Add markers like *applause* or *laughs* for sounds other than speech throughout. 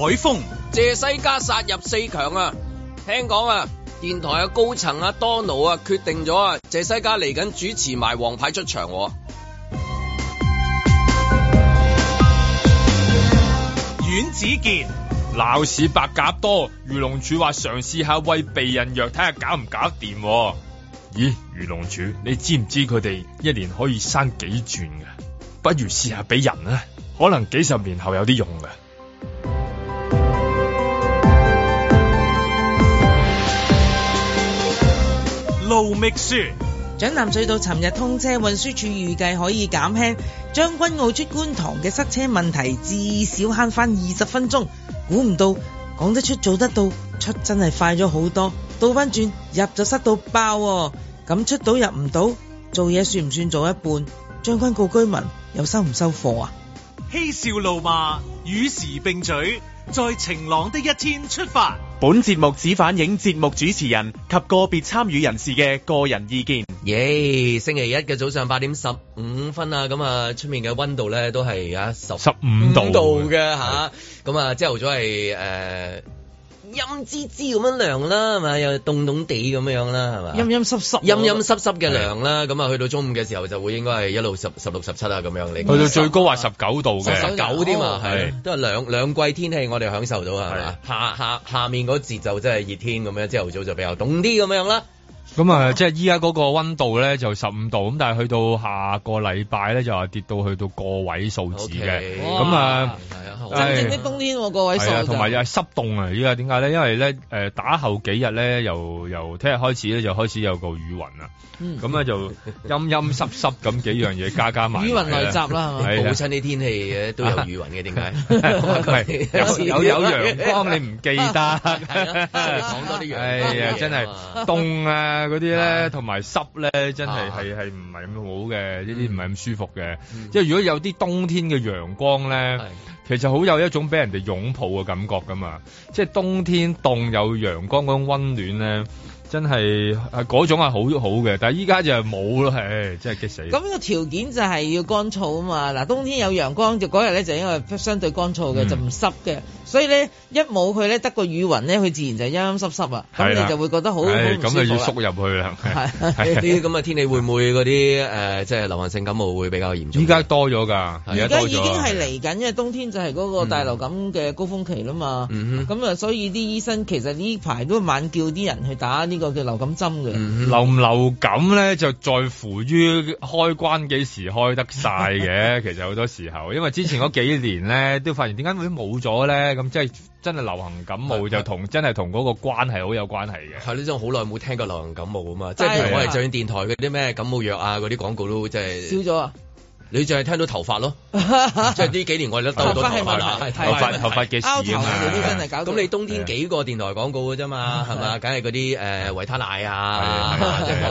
海風，謝西嘉殺入四強啊！聽講啊，電台啊高層啊，多奴啊，決定咗啊，謝西嘉嚟緊主持埋黃牌出場，啊。阮子健，鬧市白鴿多，魚龍柱話嘗試下餵避孕藥，睇下搞唔搞得掂，啊。咦，魚龍柱，你知唔知佢哋一年可以生幾轉噶，啊？不如試下俾人啊，可能幾十年後有啲用噶，啊。告密書，將藍隧道尋日通車，運輸處預計可以減輕將軍澳出觀塘嘅塞車問題，至少慳翻二十分鐘。估唔到講得出做得到，出真係快咗好多。倒翻轉入就塞到爆喎，咁出到入唔到，做嘢算唔算做一半？將軍澳居民又收唔收貨啊？嬉笑怒罵與時並舉，在晴朗的一天出發。本節目只反映節目主持人及個別參與人士嘅個人意見。耶，yeah, 星期一嘅早上八點十五分啊，咁度啊，出面嘅溫度咧都係啊十十五度嘅，吓，咁啊，朝頭早係誒。呃陰滋滋咁樣涼啦，係咪？又凍凍地咁、啊、樣啦，係咪？陰陰濕濕，陰陰濕濕嘅涼啦。咁啊，去到中午嘅時候就會應該係一路十十六十七啊咁樣嚟。去到最高話十九度嘅，十九添嘛，係、哦啊啊、都係兩兩季天氣我哋享受到啊，係嘛、啊、下下下面嗰節就真係熱天咁樣，朝頭早就比較凍啲咁樣啦。咁啊，即係依家嗰個溫度咧就十五度，咁但係去到下個禮拜咧就話跌到去到個位數字嘅，咁啊，真正的冬天個位數同埋又係濕凍啊！依家點解咧？因為咧，誒打後幾日咧，由由聽日開始咧就開始有個雨雲啦，咁咧就陰陰濕濕咁幾樣嘢加加埋，雨雲來襲啦，好襯啲天氣都有雨雲嘅，點解？有有陽光你唔記得，講多啲嘢。哎呀，真係凍啊！嗰啲咧，同埋濕咧，真係係係唔係咁好嘅，呢啲唔係咁舒服嘅。嗯、即係如果有啲冬天嘅陽光咧，的其實好有一種俾人哋擁抱嘅感覺噶嘛。即係冬天凍有陽光嗰種溫暖咧，真係係嗰種係好好嘅。但係依家就係冇咯，係真係激死。咁個條件就係要乾燥啊嘛。嗱，冬天有陽光就嗰日咧就應該相對乾燥嘅，嗯、就唔濕嘅。所以咧，一冇佢咧，得個雨雲咧，佢自然就陰陰濕濕啊。係咁你就會覺得好咁舒服咁啊，哎、要縮入去啦。係啲咁嘅天氣會唔會嗰啲誒，即係流行性感冒會比較嚴重？依家多咗㗎，而家已經係嚟緊，啊、因為冬天就係嗰個大流感嘅高峰期啦嘛。嗯咁啊，嗯、所以啲醫生其實呢排都猛叫啲人去打呢個叫流感針嘅。嗯、流唔流感咧，就在乎於開關幾時開得晒嘅。 *laughs* 其實好多時候，因為之前嗰幾年咧，都發現點解會冇咗咧？咁、嗯、即係真係流行感冒就同真係同嗰個關係好有關係嘅。係，呢種好耐冇聽過流行感冒啊嘛，哎、呀 即係譬如我哋係上電台嗰啲咩感冒藥啊嗰啲廣告都即係少咗啊。你淨係聽到頭髮咯，即係呢幾年我哋都兜到頭髮、頭髮嘅事。咁你冬天幾個電台廣告嘅啫嘛，係嘛？梗係嗰啲誒維他奶啊，一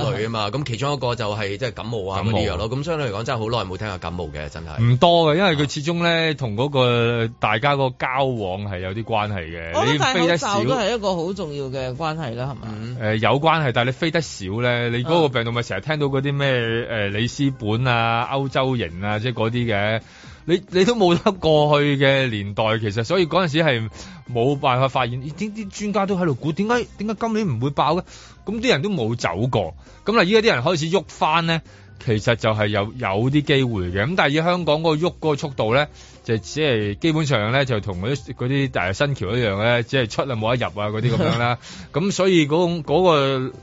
類啊嘛。咁其中一個就係即係感冒啊咁啲藥咯。咁相對嚟講，真係好耐冇聽下感冒嘅，真係。唔多嘅，因為佢始終咧同嗰個大家嗰個交往係有啲關係嘅。你覺得飛得少都係一個好重要嘅關係啦，係嘛？誒有關係，但係你飛得少咧，你嗰個病毒咪成日聽到嗰啲咩誒里斯本啊、歐洲人。啊，即係嗰啲嘅，你你都冇得過去嘅年代，其實所以嗰陣時係冇辦法發現，欸，呢啲專家都喺度估，點解點解今年唔會爆咧？咁啲人都冇走過咁嗱，依家啲人開始喐翻咧。其實就係有有啲機會嘅，咁但係以香港嗰個喐嗰個速度咧，就只係基本上咧就同嗰啲嗰啲大新橋一樣咧，只係出啊冇得入啊嗰啲咁樣啦。咁所以嗰個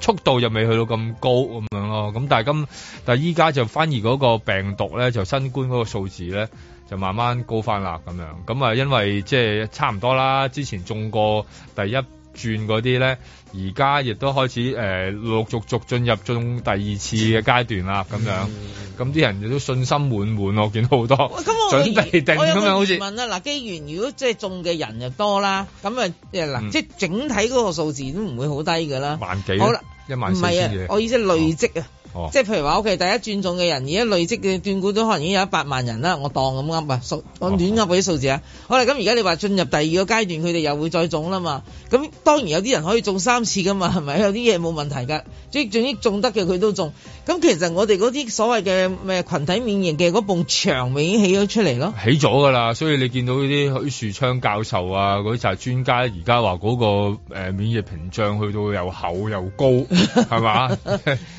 速度又未去到咁高咁樣咯。咁但係今但係依家就反而嗰個病毒咧就新冠嗰個數字咧就慢慢高翻啦咁樣。咁啊因為即係差唔多啦，之前中過第一轉嗰啲咧，而家亦都開始誒、呃、陸陸續續進入中第二次嘅階段啦，咁樣，咁啲、嗯、人亦都信心滿滿，我見到好多、嗯嗯、準備定咁樣，好似問啦，嗱備，既然如果即係中嘅人又多啦，咁啊備，嗱的，即係整體嗰個數字都唔會好低噶啦，萬幾備，好啦，一萬少少我意思累積啊。哦。即係譬如話，o k 第一轉種嘅人，而家累積嘅斷股都可能已經有一百萬人啦，我當咁啱啊，我亂噏嗰啲數字啊。好啦，咁而家你話進入第二個階段，佢哋又會再種啦嘛。咁當然有啲人可以中三次噶嘛，係咪？有啲嘢冇問題噶，總之總之中得嘅佢都中。咁其實我哋嗰啲所謂嘅咩羣體免疫嘅嗰埲牆，已經起咗出嚟咯，起咗㗎啦。所以你見到啲許樹昌教授啊嗰啲就係專家，而家話嗰個免疫屏障去到又厚又高，係嘛？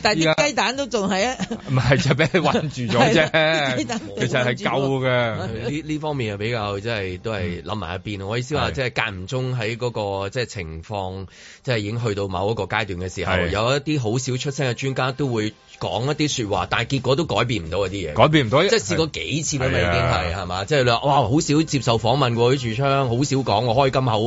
但係啲雞蛋都仲係啊，唔係就俾你韞住咗啫。其實係夠嘅。呢呢方面係比較即係都係諗埋一邊。我意思話，即係間唔中喺嗰個即係情況，即係已經去到某一個階段嘅時候，有一啲好少出聲嘅專家都會。講一啲說話，但係結果都改變唔到嗰啲嘢，改變唔到，即係試過幾次啦嘛，已經係，係嘛，即係哇，好少接受訪問喎，許樹昌好少講，開金口，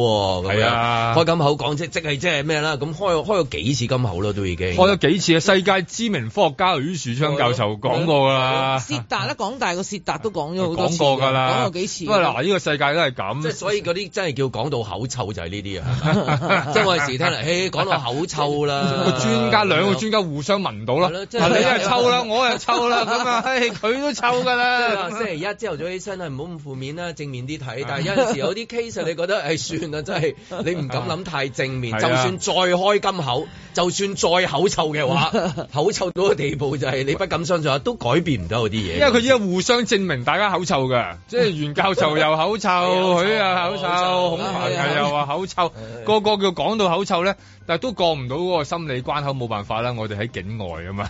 係啊，開金口講即係即係即係咩啦？咁開開咗幾次金口咯都已經，開咗幾次啊？世界知名科學家許樹昌教授講過噶啦，薛達咧，港大個薛達都講咗好多次，講過噶啦，講過幾次。嗱，呢個世界都係咁，即係所以嗰啲真係叫講到口臭就係呢啲啊，即係我哋時聽嚟，誒，講到口臭啦，個專家兩個專家互相聞到咯。你又臭啦，我又臭啦，咁啊，佢都臭噶啦。星期一朝頭早起身，係唔好咁負面啦，正面啲睇。但係有陣時有啲 case，你覺得哎，算啦，真係你唔敢諗太正面。就算再開金口，就算再口臭嘅話，口臭到個地步就係你不敢相信，都改變唔到嗰啲嘢。因為佢依家互相證明大家口臭嘅，即係袁教授又口臭，佢又口臭，孔繁毅又話口臭，個個叫講到口臭咧，但係都過唔到嗰個心理關口，冇辦法啦。我哋喺境外啊嘛。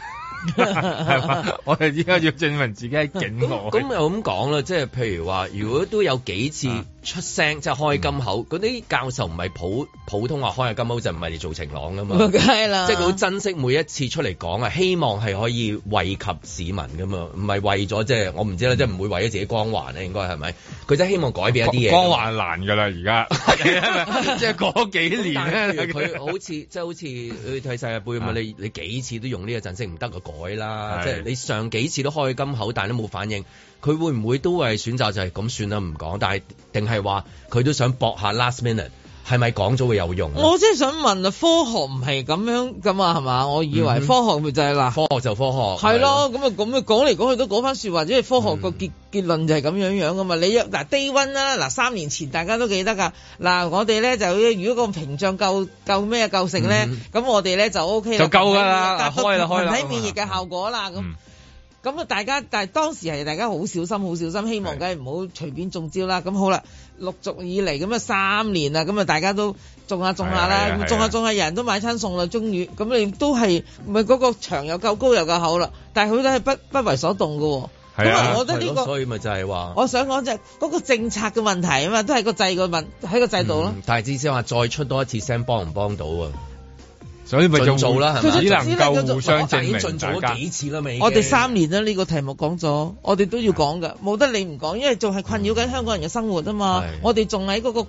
係 *laughs* 嘛？ *laughs* *laughs* *laughs* 我哋依家要證明自己係勁囉。咁又咁講啦，即係譬如話，如果都有幾次。啊出聲即係開金口，嗰啲教授唔係普普通話開下金口，就唔係你做情郎噶嘛，即係佢好珍惜每一次出嚟講啊，希望係可以惠及市民噶嘛，唔係為咗即係我唔知啦，即係唔會為咗自己光環咧，應該係咪？佢真係希望改變一啲嘢。光環難噶啦，而家即係嗰幾年咧，佢好似即係好似佢睇世界盃咁啊！你你幾次都用呢個陣式唔得，佢改啦。即係你上幾次都開金口，但係都冇反應。佢會唔會都係選擇就係咁算啦，唔講，但係定係話佢都想搏下 last minute，係咪講咗會有用？我真係想問啊，科學唔係咁樣噶嘛，係嘛？我以為科學咪就係啦，科學就科學，係咯。咁啊，咁啊，講嚟講去都講翻説話，因為科學個結結論就係咁樣樣噶嘛。你約嗱低温啦，嗱三年前大家都記得噶，嗱我哋咧就如果個屏障夠夠咩夠性咧，咁我哋咧就 O K 啦，就夠㗎啦，開啦開啦，體免疫嘅效果啦咁。咁啊！大家但係當時係大家好小心，好小心，希望梗係唔好隨便中招啦。咁的好啦，陸續以嚟咁啊三年啦，咁啊大家都中下中下啦，中的下中下，人都買餐餸啦，終於咁你都係咪嗰個牆又夠高又夠厚啦？但係佢都係不不為所動嘅喎。係啊我覺得、呢個，所以咪就係話，我想講就係、是、嗰、嗰個政策嘅問題啊嘛，都係個制嘅問喺個制度咯。但係至少話再出多一次聲，幫唔幫到啊？所以咪仲做啦，係咪？只能夠互相證明。我哋三年啦，呢、呢個題目講咗，我哋都要講㗎，冇得你唔講，因為仲係困擾緊香港人嘅生活啊嘛。嗯、我哋仲喺嗰個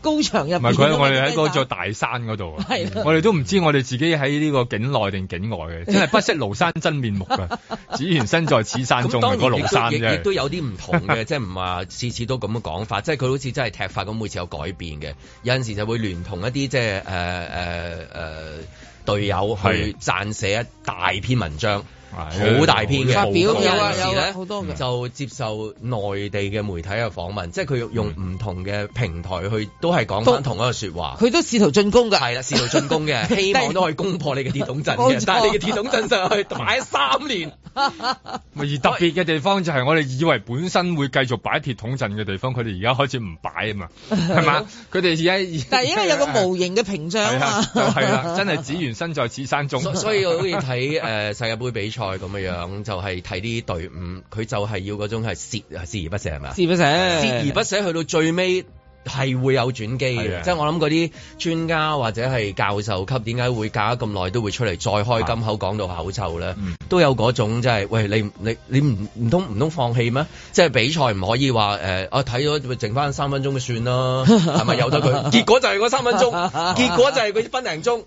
高牆入邊。唔係佢，我哋喺嗰座大山嗰度。係的，我哋都唔知我哋自己喺呢個境內定境外嘅，的真係不識廬山真面目啊！只緣 *laughs* 身在此山中，嗰廬 *laughs* 當年 山啫。咁當然亦都有啲唔同嘅， *laughs* 即係唔話次次都咁嘅講法，即係佢好似真係踢法咁，每次有改變嘅。有陣時就會聯同一啲即係誒誒誒。呃呃呃隊友去撰寫一大篇文章。好大篇嘅，發表有啊有好多嘅，就接受內地嘅媒體嘅訪問，即係佢用唔同嘅平台去，都係講翻同一個説話。佢都試圖進攻嘅，係啦，試圖進攻嘅，希望都可以攻破你嘅鐵桶陣，但係你嘅鐵桶陣上去擺三年。而特別嘅地方就係我哋以為本身會繼續擺鐵桶陣嘅地方，佢哋而家開始唔擺啊嘛，係嘛？佢哋而家但係因為有個無形嘅屏障啊，係啦，真係只緣身在此山中。所以我好中意睇誒世界盃比賽。賽咁嘅樣就係睇啲隊伍，佢就係要嗰種係鍥啊，鍥而不捨係嘛？鍥不捨，鍥而不捨，去到最尾。係會有轉機嘅，即係我諗嗰啲專家或者係教授級，點解會隔咗咁耐都會出嚟再開金口講到口臭咧？都有嗰種即係，喂你你你唔唔通唔通放棄咩？即係比賽唔可以話誒，我睇咗剩翻三分鐘就算啦，係咪由得佢？結果就係嗰三分鐘，結果就係嗰啲分零鐘。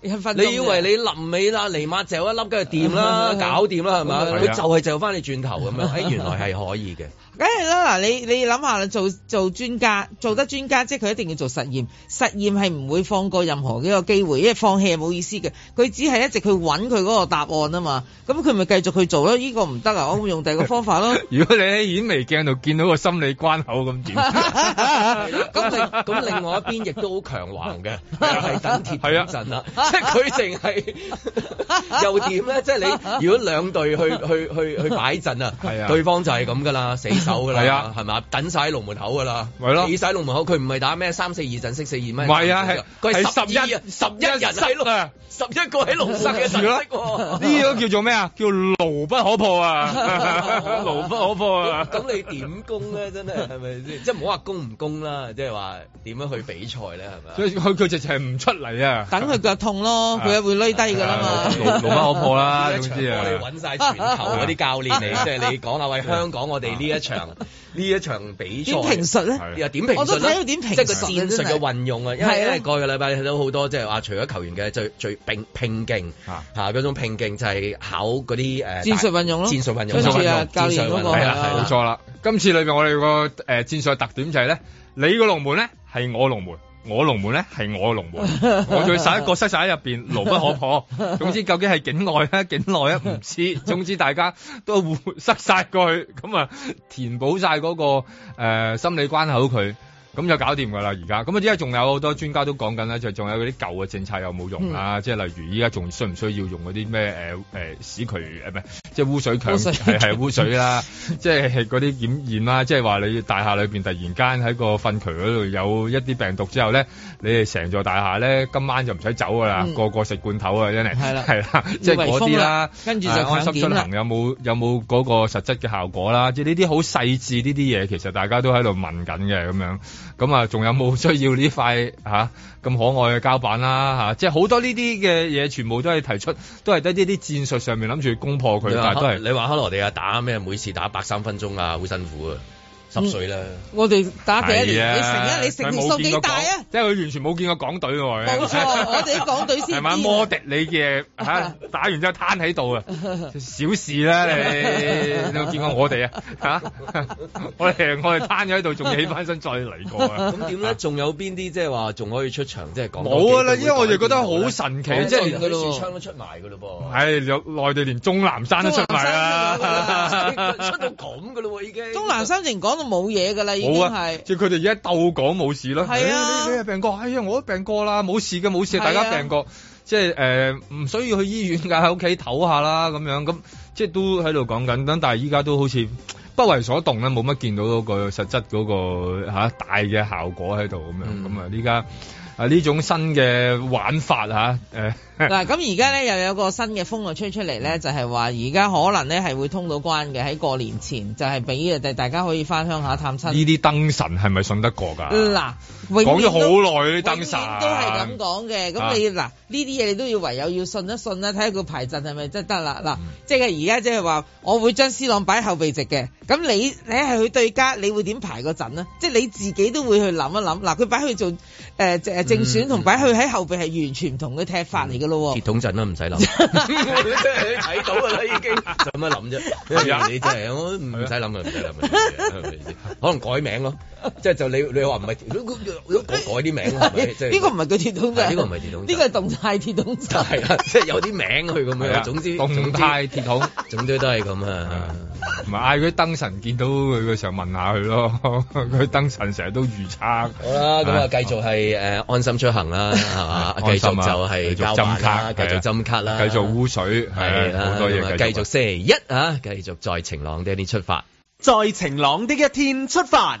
你以為你臨尾啦，尼瑪就一粒雞就掂啦，搞掂啦係咪？佢就係就翻你轉頭咁樣，哎，原來係可以嘅。梗係啦，嗱你你諗下啦，做做專家做得專家，即係佢一定要做實驗，實驗係唔會放過任何嘅一個機會，因為放棄係冇意思嘅。佢只係一直去揾佢嗰個答案啊嘛，咁佢咪繼續去做咯？呢個唔得啊，我會用第二個方法咯。如果你喺顯微鏡度見到個心理關口咁點？咁另咁另外一邊亦都好強橫嘅，係等鐵定陣啦，即係佢淨係又點咧？即係你如果兩隊去去去去擺陣啊，對方就係咁噶啦，死！走噶啦，係咪？等晒喺龍門口噶啦，係咯，企曬龍門口。佢唔係打咩三四二陣式四二咩？唔係啊，係佢十一十一人十一個喺龍室咯。呢個叫做咩啊？叫牢不可破啊！牢不可破啊！咁你點攻咧？真係係咪先？即係唔好話攻唔攻啦，即係話點樣去比賽咧？係咪？所以佢佢直情係唔出嚟啊！等佢腳痛咯，佢會攞低㗎啦嘛。牢不可破啦，總之啊，我哋揾曬全球嗰啲教練嚟，即係你講啊位香港，我哋呢一場，呢一場比賽點評述咧？又點評？我都睇佢點評述，即係戰術嘅運用啊！因為因為過個禮拜你睇到好多，即係話除咗球員嘅最最拼拼勁嚇嚇嗰種拼勁，就係考嗰啲誒戰術運用咯。戰術運用，上次啊教練嗰個，冇錯啦。今次裏面我哋個誒戰術嘅特點就係咧，你個龍門咧係我龍門。我龍門咧係我龍門， *laughs* 我最細一個塞晒喺入邊，牢不可破。總之究竟係境外咧、境內咧唔知，總之大家都會塞晒過去，咁啊填補晒嗰個誒、呃、心理關口佢。咁就搞掂噶啦，而家咁啊！依家仲有好多專家都講緊咧，就仲有嗰啲舊嘅政策有冇用啊？即係、嗯、例如依家仲需唔需要用嗰啲咩誒誒屎渠係咪？即係污水渠係係污水啦， *laughs* 即係嗰啲檢驗啦，即係話你大廈裏邊突然間喺個糞渠嗰度有一啲病毒之後咧，你哋成座大廈咧今晚就唔使走噶、嗯、啦，個個食罐頭啊真係係啦，即係嗰啲啦，跟住、嗯、就安心出行有冇有冇嗰個實質嘅效果啦？即係呢啲好細緻呢啲嘢，其實大家都喺度問緊嘅咁樣。咁啊，仲有冇需要呢塊吓咁可愛嘅膠板啦、啊、吓、啊，即係好多呢啲嘅嘢，全部都係提出，都係得呢啲戰術上面諗住攻破佢，說但係都係你話克羅地亞打咩？每次打百三分鐘啊，好辛苦啊！十歲啦！我哋打幾多年啊？你成日，你成年數幾大啊？即係佢完全冇見過港隊喎！冇錯，我哋啲港隊先係咪？摩迪你嘅嚇打完之後攤喺度啊！小事啦，你你有見過我哋啊？嚇！我哋我哋攤咗喺度，仲起翻身再嚟過啊！咁點咧？仲有邊啲即係話仲可以出場？即係講冇啊！因為我哋覺得好神奇，即係連許樹昌都出埋㗎嘞噃！唉，有內地連鐘南山都出埋啊，出到咁㗎嘞喎已經。鐘南山連講。冇嘢噶啦，已經係即係佢哋而家鬥講冇事咯。係啊，你你係病過，哎呀，我都病過啦，冇事嘅，冇事，大家病過，啊、即係誒，唔、呃、需要去醫院㗎，喺屋企唞下啦咁樣，咁即係都喺度講緊，但係依家都好似不為所動啦，冇乜見到嗰個實質嗰、嗰個、嚇、大嘅效果喺度咁樣，咁啊依家。嗯。啊！呢種新嘅玩法吓，誒嗱咁而家咧又有個新嘅風浪吹出嚟咧，就係話而家可能咧係會通到關嘅喺過年前，就係俾誒大家可以返鄉下探親。呢啲燈神係咪信得過㗎？嗱、啊，講咗好耐啲燈神都係咁講嘅。咁你嗱呢啲嘢你都要唯有要信一信啦、啊，睇下個排陣係咪真得啦？嗱、啊，嗯、即係而家即係話我會將 C 朗擺喺後備席嘅。咁你你係佢對家，你會點排個陣咧？即係你自己都會去諗一諗。嗱，佢擺佢做誒誒、呃、正選同擺佢喺後邊係完全唔同嘅踢法嚟噶咯、嗯。鐵桶陣都唔使諗。即係你睇到噶啦，已經。咁樣諗啫，你真係我唔使諗嘅，唔使諗可能改名咯。即係就你，你話唔係，如果改啲名，呢個唔係佢鐵通啫，呢個唔係鐵通，呢個係動態鐵通。係啦，即係有啲名佢咁樣。總之動態鐵通，總之都係咁啊。唔嗌佢燈神見到佢嘅時候問下佢咯。佢燈神成日都預測好啦。咁啊，繼續係誒安心出行啦，係嘛？繼續就係卡，繼續針卡啦，繼續污水係啦，繼續星期一啊，繼續在晴朗的一天出發，在晴朗的一天出發。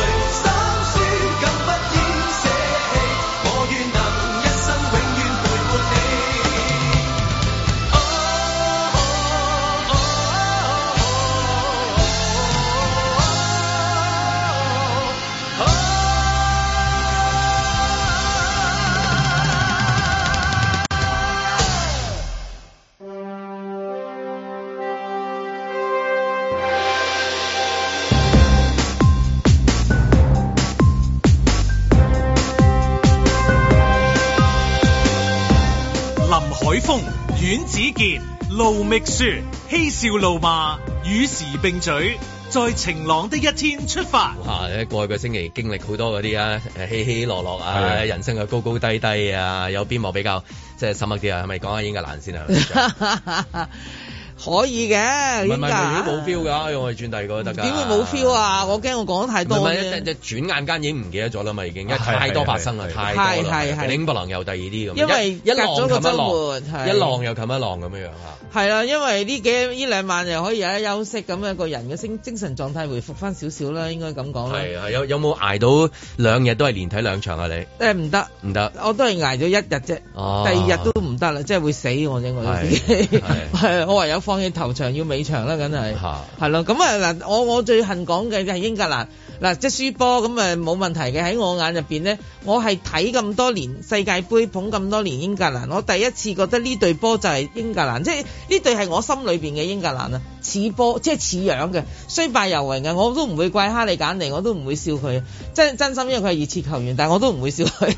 路逆雪，嬉笑怒罵，與時並舉，在晴朗的一天出發。啊，過去個星期經歷好多啲啊，誒，起起落落啊，的人生嘅高高低低啊，有邊幕比較即係深刻啲啊？係咪講下英格蘭先啊？是 *laughs* 可以嘅，唔係唔係，冇 feel 嘅，我哋轉第二個得㗎。點會冇 feel 啊？我驚我講得太多。唔，一轉眼間已經唔記得咗啦嘛，已經太多發生啦，太多啦。係係係，拎不郎又第二啲咁。因為一落咗個周末，一浪又冚一浪咁樣樣嚇。係啊，因為呢幾呢兩晚又可以有一休息咁樣，個人嘅精神狀態回復翻少少啦，應該咁講啦。係係，有有冇捱到兩日都係連睇兩場啊？你？誒唔得，唔得，我都係捱咗一日啫，第二日都唔得啦，即係會死我認為我話有。放起頭場要尾場啦，梗係係咯，咁、嗯、啊嗱，我我最恨講嘅就係英格蘭嗱，即係輸波咁啊冇問題嘅，喺我眼入邊咧，我係睇咁多年世界杯捧咁多年英格蘭，我第一次覺得呢隊波就係英格蘭，即係呢隊係我心裏邊嘅英格蘭啊。似波即係似樣嘅，雖敗猶榮嘅，我都唔會怪哈利簡尼，我都唔會笑佢，真真心因為佢係熱刺球員，但係我都唔會笑佢。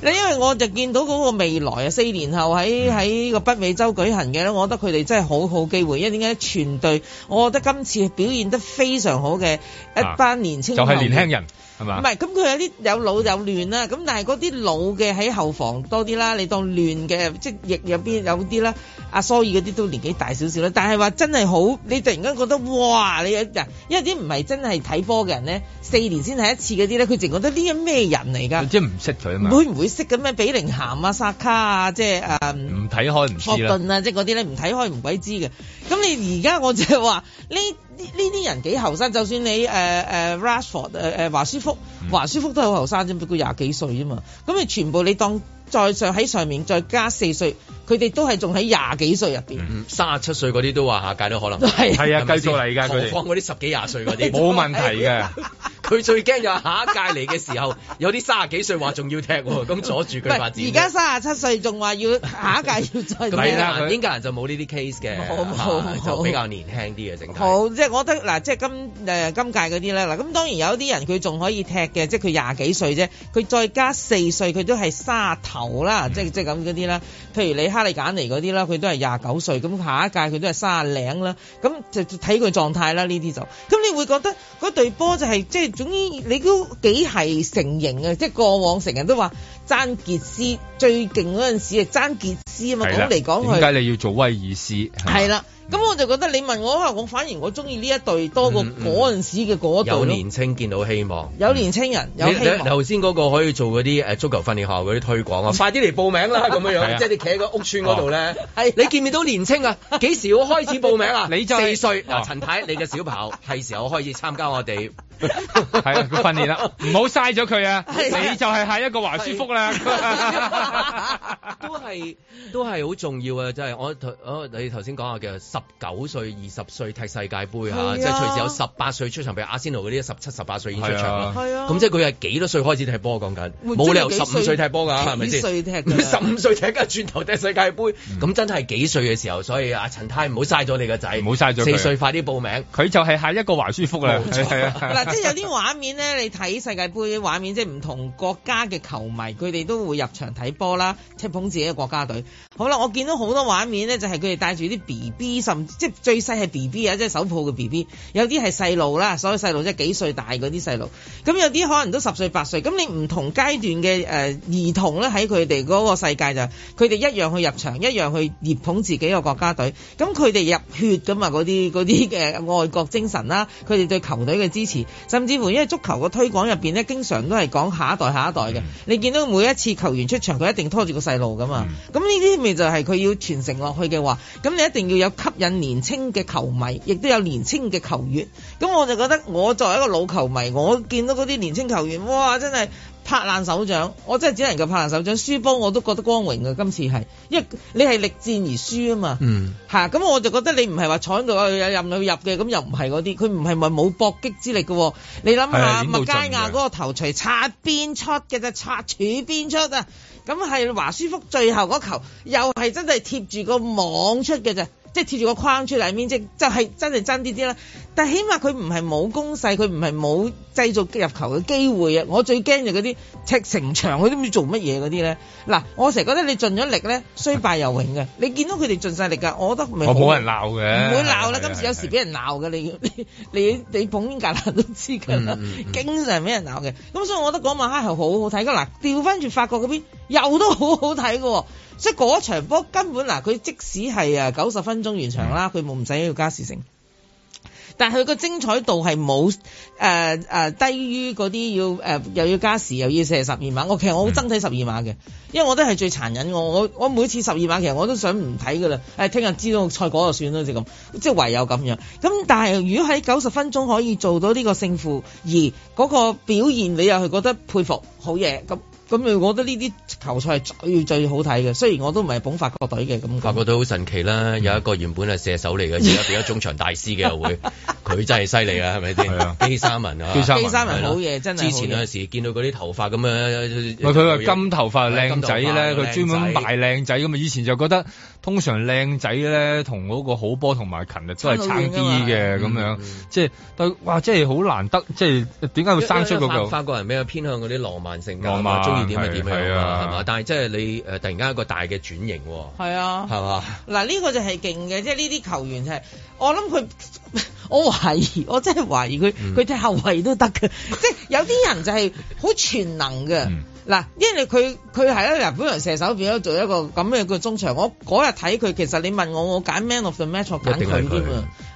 你因為我就見到嗰個未來啊，四年後喺喺呢個北美洲舉行嘅咧，我覺得佢哋真係好好機會。因為點解全隊，我覺得今次表現得非常好嘅一班年青、啊、就係、是、年輕人。唔係，咁佢有啲有老有嫩啦，咁但係嗰啲老嘅喺後防多啲啦，你當嫩嘅即係亦有啲有啲啦，阿蘇爾嗰啲都年紀大少少啦，但係話真係好，你突然間覺得哇！你嗱，因為啲唔係真係睇波嘅人咧，四年先睇一次嗰啲咧，佢淨覺得呢個咩人嚟㗎？即係唔識佢啊嘛？會唔會識嘅咩？比凌鹹啊、薩卡啊，即係誒？唔睇開唔知啦。沃頓啊，即係嗰啲咧唔睇開唔鬼知嘅。咁你而家我就係話呢？呢呢啲人幾後生，就算你誒誒、呃啊、Rashford 誒、呃、誒華舒福，mm hmm。華舒福都好後生啫，不過廿幾歲啫嘛，咁你全部你當。再上喺上面再加四歲，佢哋都係仲喺廿幾歲入邊。三十七歲嗰啲都話下屆都可能。係啊對，係啊，繼續嚟㗎佢哋。放嗰啲十幾廿歲嗰啲冇問題嘅。佢 *laughs* 最驚就下一屆嚟嘅時候，有啲三十幾歲話仲要踢，咁阻住佢發展。而家三十七歲仲話要下一屆要再踢。係啦，英格蘭就冇呢啲 case 嘅，好，就比較年輕啲嘅整體。好，即係我覺得嗱，即係今誒今，今屆嗰啲咧嗱，咁當然有啲人佢仲可以踢嘅，即係佢廿幾歲啫，佢再加四歲佢都係卅頭。牛啦，即即咁嗰啲啦，譬如你哈利簡尼嗰啲啦，佢都係廿九歲，咁下一屆佢都係卅啊零啦，咁就睇佢狀態啦，呢啲就，咁你會覺得嗰隊波就係即係，總之你都幾係成型啊。即過往成日都話爭傑斯最勁嗰陣時係爭傑斯啊嘛，講嚟講去，點解你要做威爾斯？係啦。咁我就覺得你問我，可能我反而我中意呢一隊多過嗰陣時嘅嗰隊咯，嗯嗯。有年青見到希望，有年青人有希望。頭先嗰個可以做嗰啲誒足球訓練學校嗰啲推廣啊，快啲嚟報名啦咁樣樣， *laughs* 即係你企喺個屋邨嗰度咧，係 *laughs* 你見唔見到年青啊？幾時會開始報名啊？ *laughs* 你就再四歲嗱，陳太 *laughs* 你嘅小朋友係時候開始參加我哋。係啊，訓練啦，唔好嘥咗佢啊！你就係下一個華舒福啦，都係都係好重要啊！即係我頭我你頭先講下嘅十九歲、二十歲踢世界盃啊，即係隨時有十八歲出場，譬如阿仙奴嗰啲十七、十八歲已經出場啦。係啊，咁即係佢係幾多歲開始踢波？講緊冇理由十五歲踢波噶係咪先？十五歲踢，十五歲踢跟住轉頭踢世界盃，咁真係幾歲嘅時候？所以阿陳太唔好嘥咗你個仔，唔好嘥咗，四歲快啲報名。佢就係下一個華舒福啦，係啊。即係 *laughs* 有啲畫面咧，你睇世界盃嘅畫面，即係唔同國家嘅球迷，佢哋都會入場睇波啦，即捧自己嘅國家隊。好啦，我見到好多畫面咧，就係佢哋帶住啲 B B，甚至即係最細係 B B 啊，即係手抱嘅 B B。有啲係細路啦，所有細路即係幾歲大嗰啲細路。咁有啲可能都十歲八歲。咁你唔同階段嘅誒兒童咧，喺佢哋嗰個世界就，佢哋一樣去入場，一樣去熱捧自己嘅國家隊。咁佢哋入血㗎嘛，嗰啲嗰啲嘅愛國精神啦，佢哋對球隊嘅支持。甚至乎，因為足球嘅推廣入邊咧，經常都係講下一代、下一代嘅。你見到每一次球員出場，佢一定拖住個細路噶嘛。咁呢啲咪就係佢要傳承落去嘅話。咁你一定要有吸引年青嘅球迷，亦都有年青嘅球員。咁我就覺得，我作為一個老球迷，我見到嗰啲年青球員，哇，真係。拍爛手掌，我真係只能夠拍爛手掌。輸波我都覺得光榮噶，今次係，因為你係力戰而輸啊嘛。嗯，吓咁我就覺得你唔係話坐喺度任佢入嘅，咁又唔係嗰啲，佢唔係咪冇搏擊之力嘅、哦？你諗下麥佳亞嗰個頭錘擦邊出嘅啫，擦住邊出啊？咁係華舒福最後嗰球又係真係貼住個網出嘅啫，即係貼住個框出嚟，面即就係、是、真係爭啲啲啦。但起碼佢唔係冇攻勢，佢唔係冇製造入球嘅機會啊！我最驚就嗰啲踢成場，佢都唔知做乜嘢嗰啲咧。嗱，我成日覺得你盡咗力咧，雖敗猶榮嘅。你見到佢哋盡晒力㗎，我覺得冇人鬧嘅、啊，唔會鬧啦。今時有時俾人鬧嘅，你你你你捧英格蘭都知㗎啦，經常俾人鬧嘅。咁所以，我覺得嗰晚黑係好好睇㗎。嗱，調翻住法國嗰邊又都好好睇嘅，即係嗰場波根本嗱，佢即使係啊九十分鐘完場啦，佢冇唔使要加時成。但係佢個精彩度係冇誒誒低於嗰啲要誒、呃、又要加時又要射十二碼。我其實我好憎睇十二碼嘅，因為我都係最殘忍。我我我每次十二碼，其實我都想唔睇噶啦。誒、哎，聽日知道賽果就算啦，就咁，即係唯有咁樣。咁但係如果喺九十分鐘可以做到呢個勝負，而嗰個表現你又係覺得佩服，好嘢咁。咁我覺得呢啲球賽係最最好睇嘅，雖然我都唔係捧法國隊嘅咁講。法國隊好神奇啦，有一個原本係射手嚟嘅，而家變咗中場大師嘅又會，佢 *laughs* 真係犀利啊，係咪先？係啊 *laughs* *laughs* 基沙文啊，基沙文好嘢，吧真係。之前有陣時見到嗰啲頭髮咁樣，佢話金頭髮靚仔咧，佢專門賣靚仔㗎嘛。仔以前就覺得。通常靚仔咧，同嗰個好波同埋勤力都係差啲嘅咁樣，嗯嗯、即係都哇，即係好難得，即係點解會生出、嗰個咁？個法國人比較偏向嗰啲浪漫性格，中意點咪點樣嘛，係嘛、啊？但係即係你誒、呃、突然間一個大嘅轉型喎，係啊，係嘛吧？嗱，呢、呢個就係勁嘅，即係呢啲球員就係、是、我諗佢，我懷疑，我真係懷疑佢，佢踢、嗯、後衞都得嘅，即係有啲人就係好全能嘅。 *laughs* *laughs* 嗱，因為佢佢係咧，日本人射手變咗做一個咁嘅個中場。我嗰日睇佢，其實你問我，我揀 Man of the Match，我揀佢添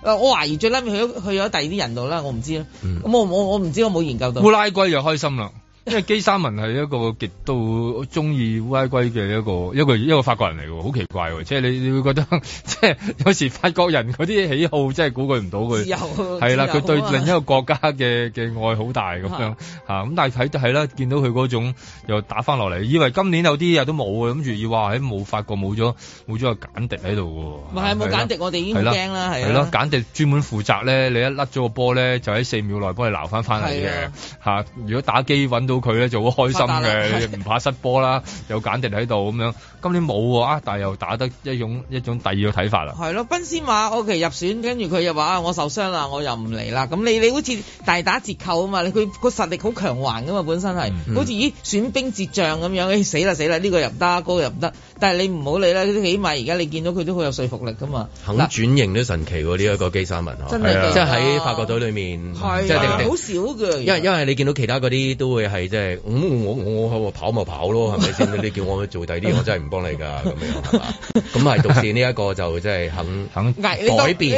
啊！我懷疑最撈尾去咗去咗第二啲人度啦，我唔知啦。咁、嗯、我我我唔知，我冇研究到。烏拉圭又開心啦！因為基三文係一個極度中意烏龜嘅一個一個一個法國人嚟嘅，好奇怪，即係你你會覺得，即係有時法國人嗰啲喜好真係估計唔到佢。自由係啦，佢、啊、自由 對另一個國家嘅嘅愛好大咁樣吓，咁由、嗯、但係睇得係啦，見、啊、到佢嗰種又打翻落嚟，以為今年有啲嘢都冇嘅，跟住哇，喺冇法國冇咗冇咗個簡迪喺度嘅。唔係冇簡迪，我哋已經驚啦，係咯、啊啊啊啊啊，簡迪專門負責咧，你一甩咗個波咧，就喺四秒內幫你撈翻翻嚟嘅吓。啊、如果打機揾到，佢咧就好開心嘅，唔怕失波啦，有 *laughs* 簡直喺度咁樣。今年冇啊，但係又打得一種一種第二個睇法啦。係咯，賓斯馬 O.K. 入選，跟住佢又話：我受傷啦，我又唔嚟啦。咁你你好似大打折扣啊嘛？佢個實力好強橫噶嘛，本身係、嗯、好似咦損兵折將咁樣，哎、死啦死啦，呢、這個入唔得，嗰、這個入唔得、這個。但係你唔好理啦，起碼而家你見到佢都好有說服力噶嘛。肯轉型都神奇喎，呢、這、一個基沙文，真係即係喺法國隊裏面，好少嘅。因為因為你見到其他嗰啲都會係即係，我我我跑咪跑咯，係咪先？你叫我做第啲，我真係唔嚟噶咁樣係嘛？咁係獨佔呢一個，就真係肯肯挨。你挨義氣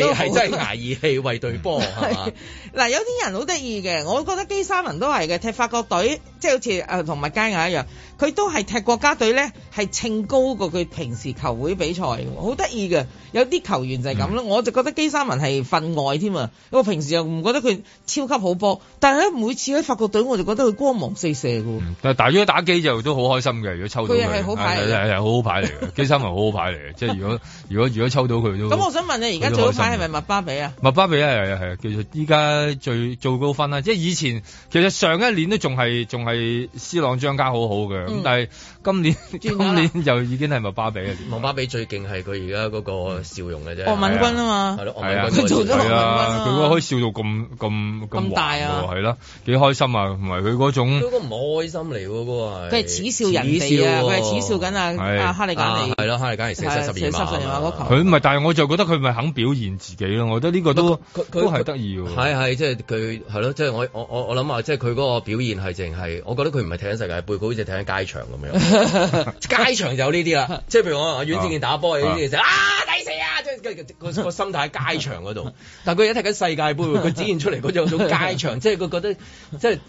係真係挨義氣為對波係嘛？嗱，有啲人好得意嘅，我覺得基沙文都係嘅。踢法國隊，即係好似誒同麥嘉雅一樣。佢都係踢國家隊咧，係稱高過佢平時球會比賽，好得意嘅。有啲球員就係咁咯，嗯、我就覺得基三文係份外添啊！我平時又唔覺得佢超級好波，但係每次喺法國隊，我就覺得佢光芒四射嘅、嗯。但係如果打機就都好開心嘅，如果抽到佢係係係好好牌嚟嘅，啊、 *laughs* 基三文好好牌嚟嘅，即係如果如果如果抽到佢都咁， *laughs* 我想問你而家最好牌係咪麥巴比啊？麥巴比啊，係係係，依家最最高分啊，即係以前其實上一年都仲係仲係斯朗張家好好嘅。咁但係。今年今年又已經係麥巴比啊！麥巴比最勁係佢而家嗰個笑容嘅啫。郭敏君啊嘛，係咯，郭敏君佢做咗郭敏君咯，佢嗰個開笑到咁咁咁大啊，係啦，幾開心啊，同埋佢嗰種，不過唔係開心嚟喎，佢係恥笑人哋啊，佢係恥笑緊啊哈利·簡尼，係咯，哈利·簡尼寫失十二碼嗰球。佢唔係，但係我就覺得佢咪肯表現自己咯，我覺得呢個都都係得意喎。係係，即係佢係咯，即係我我我我諗啊，即係佢嗰個表現係淨係，我覺得佢唔係踢喺世界盃，佢好似踢喺街場咁樣。 *laughs* 街場就有呢啲啦，即係譬如我阮志健打波呢啲其實啊，啊第四啊，即係個個心態喺街場嗰度，但佢一睇緊世界盃，佢展現出嚟嗰種街場，即係佢覺得即係、就是、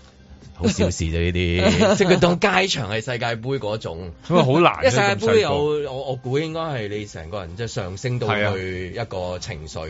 好小事啫呢啲， *laughs* 即係佢當街場係世界盃嗰種，咁啊好難。一、嗯嗯嗯、世界盃有、嗯、我我估應該係你成個人即係上升到去一個情緒。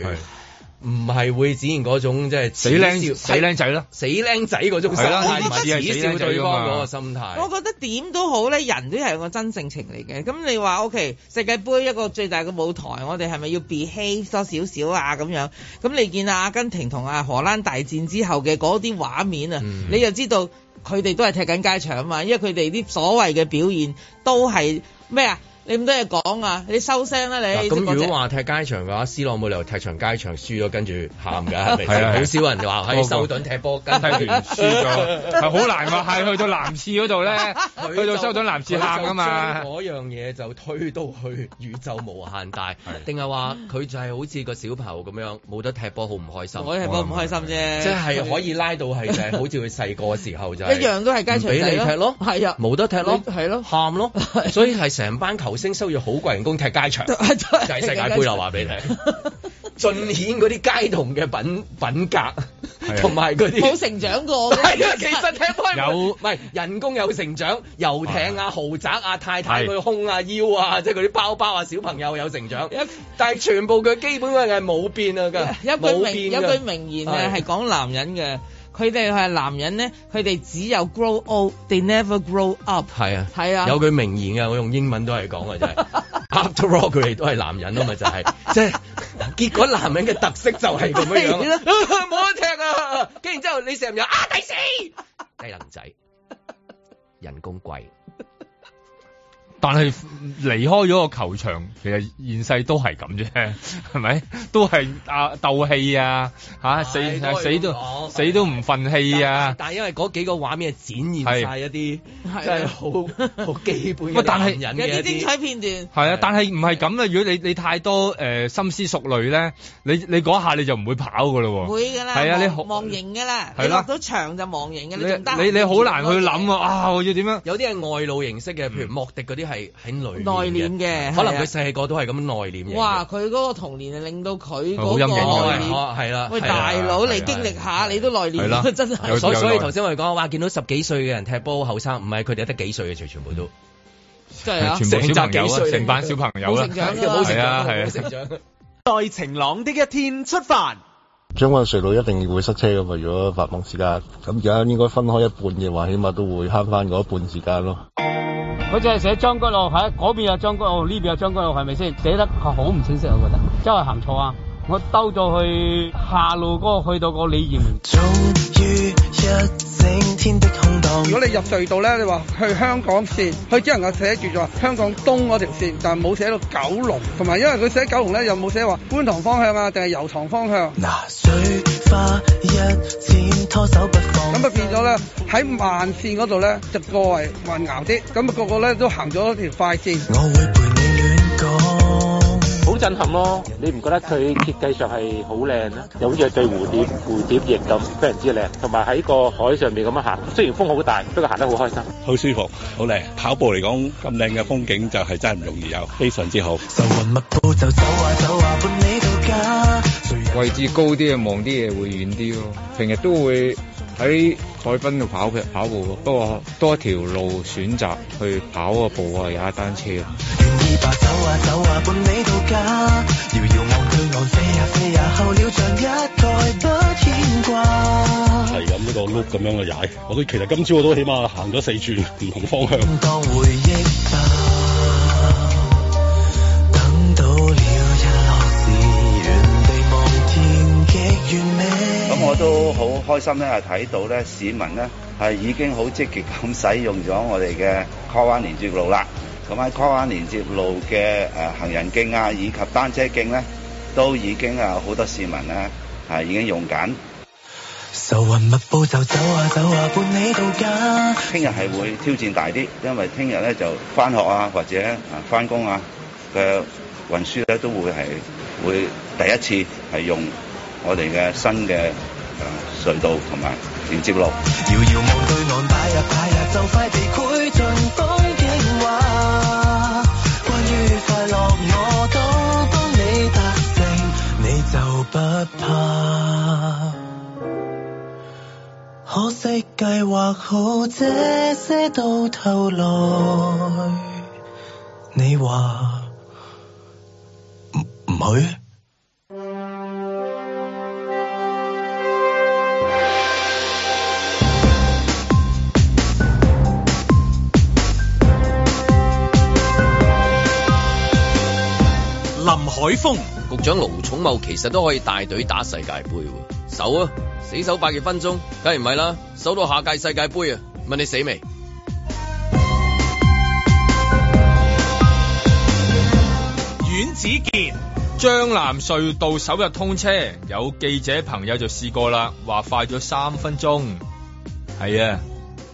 唔係會展現嗰種即係死僆死僆仔咯，是死僆仔嗰種係咯，的我覺得指笑對方嗰個心態。我覺得點都好咧，人都係個真性情嚟嘅。咁你話 OK，世界盃一個最大嘅舞台，我哋係咪要 behave 多少少啊？咁樣咁你見阿根廷同阿荷蘭大戰之後嘅嗰啲畫面啊，嗯、你就知道佢哋都係踢緊街場啊嘛，因為佢哋啲所謂嘅表現都係咩啊？你唔多嘢講啊！你收聲啦你。咁如果話踢街場嘅話，C 朗冇理由踢場街場輸咗跟住喊㗎，係啊，好少人就話喺收墩踢波梗係輸咗，係好難喎。係去到男廁嗰度咧，去到收墩男廁喊噶嘛。嗰樣嘢就推到去宇宙無限大，定係話佢就係好似個小朋友咁樣，冇得踢波好唔開心。我踢波唔開心啫，即係可以拉到係好似佢細個嘅時候就一樣都係街場，俾你踢咯，係啊，冇得踢咯，係咯，喊咯，所以係成班球。升收要好貴，人工踢街場， *laughs* 街場就係世界盃啦，話俾你聽，盡顯嗰啲街童嘅品品格，同埋佢啲冇成長過。係啊，其實踢開有唔係人工有成長，遊艇啊、豪宅啊、太太佢胸啊、腰啊，即係嗰啲包包啊，小朋友有成長，但係全部佢基本上樣係冇變啊，家冇 *laughs* 變。一句名言咧係講男人嘅。是佢哋係男人咧，佢哋只有 grow old，they never grow up。係啊，係啊，有句名言啊，我用英文都係講嘅，就係。After all，佢哋都係男人咯，嘛，就係，是，即係結果男人嘅特色就係咁樣樣。冇得踢啊！跟住，啊啊，之後你，你成日又啊第四，雞卵仔，人工貴。但係離開咗個球場，其實現世都係咁啫，係咪？都係啊鬥氣啊，吓死死都死都唔忿氣啊！但係因為嗰幾個畫面係展現晒一啲，真係好好基本嘅男人嘅一啲精彩片段。係啊，但係唔係咁啊，如果你你太多誒深思熟慮咧，你你嗰下你就唔會跑噶咯，會噶啦，係啊，你望形噶啦，你落到場就望形噶，你你你好難去諗啊！我要點樣？有啲係外露形式嘅，譬如莫迪嗰啲係。係喺內內斂嘅，可能佢細個都係咁樣內斂嘅。哇！佢嗰個童年令到佢嗰個內斂，係啦。喂，大佬，你經歷下，你都內斂，係啦，真係。所所以，頭先我哋講，哇，見到十幾歲嘅人踢波，後生唔係佢哋得幾歲嘅，全全部都，真係啊，成集幾歲，成班小朋友啦，冇成長，係啊，係啊，成長。在晴朗的一天出發。將軍隧道一定會塞車㗎嘛。如果繁忙時間。咁而家應該分開一半嘅話，起碼都會慳翻嗰一半時間咯。佢淨係寫「將軍澳」，喺嗰邊有「將軍澳」，呢邊有「將軍澳」，係咪先？寫得好唔清晰，我覺得。即係行錯啊！我兜咗去下路嗰個，去到個李賢明。如果你入隧道咧，你話去香港線，佢只能夠寫住咗香港東嗰條線，但係冇寫到九龍，同埋因為佢寫九龍咧又冇寫話觀塘方向啊，定係油塘方向。拿水花一剪，拖手不放。咁啊變咗咧，喺慢線嗰度咧就較為混淆啲，咁、那、啊個個咧都行咗條快線。我會陪你好震撼咯！你唔覺得佢設計上係好靚咧？又好似對蝴蝶蝴蝶翼咁，非常之靚。同埋喺個海上面咁樣行，雖然風好大，不過行得好開心，好舒服，好靚。跑步嚟講咁靚嘅風景就係真係唔容易有，非常之好。位置高啲啊，望啲嘢會遠啲咯。平日都會。喺海濱度跑嘅跑步，不過多一條路選擇去跑個步啊，踩單車。係咁、啊啊，呢、啊啊、 *noise* 個碌咁樣嘅踩，我都其實今朝我都起碼行咗四轉唔同方向。嗯當回都好開心咧，係睇到咧市民咧係已經好積極咁使用咗我哋嘅跨灣連接路啦。咁喺跨灣連接路嘅誒行人徑啊，以及單車徑咧，都已經啊好多市民咧係已經用緊。聽日係會挑戰大啲，因為聽日咧就翻學啊，或者啊翻工啊嘅運輸咧都會係會第一次係用我哋嘅新嘅隧道同埋連接路。搖搖望對岸，擺吓擺吓就快被繪進風景畫。關於快樂，我都幫你達成，你就不怕。可惜計劃好呢啲到頭來，你話唔去。林海峰，局長盧寵茂其實都可以帶隊打世界杯，啊，守啊，死守八幾分鐘，梗係唔係啦，守到下屆世界杯啊，問你死未？阮子健，將藍隧道首日通車，有記者朋友就試過啦，話快咗三分鐘，係啊，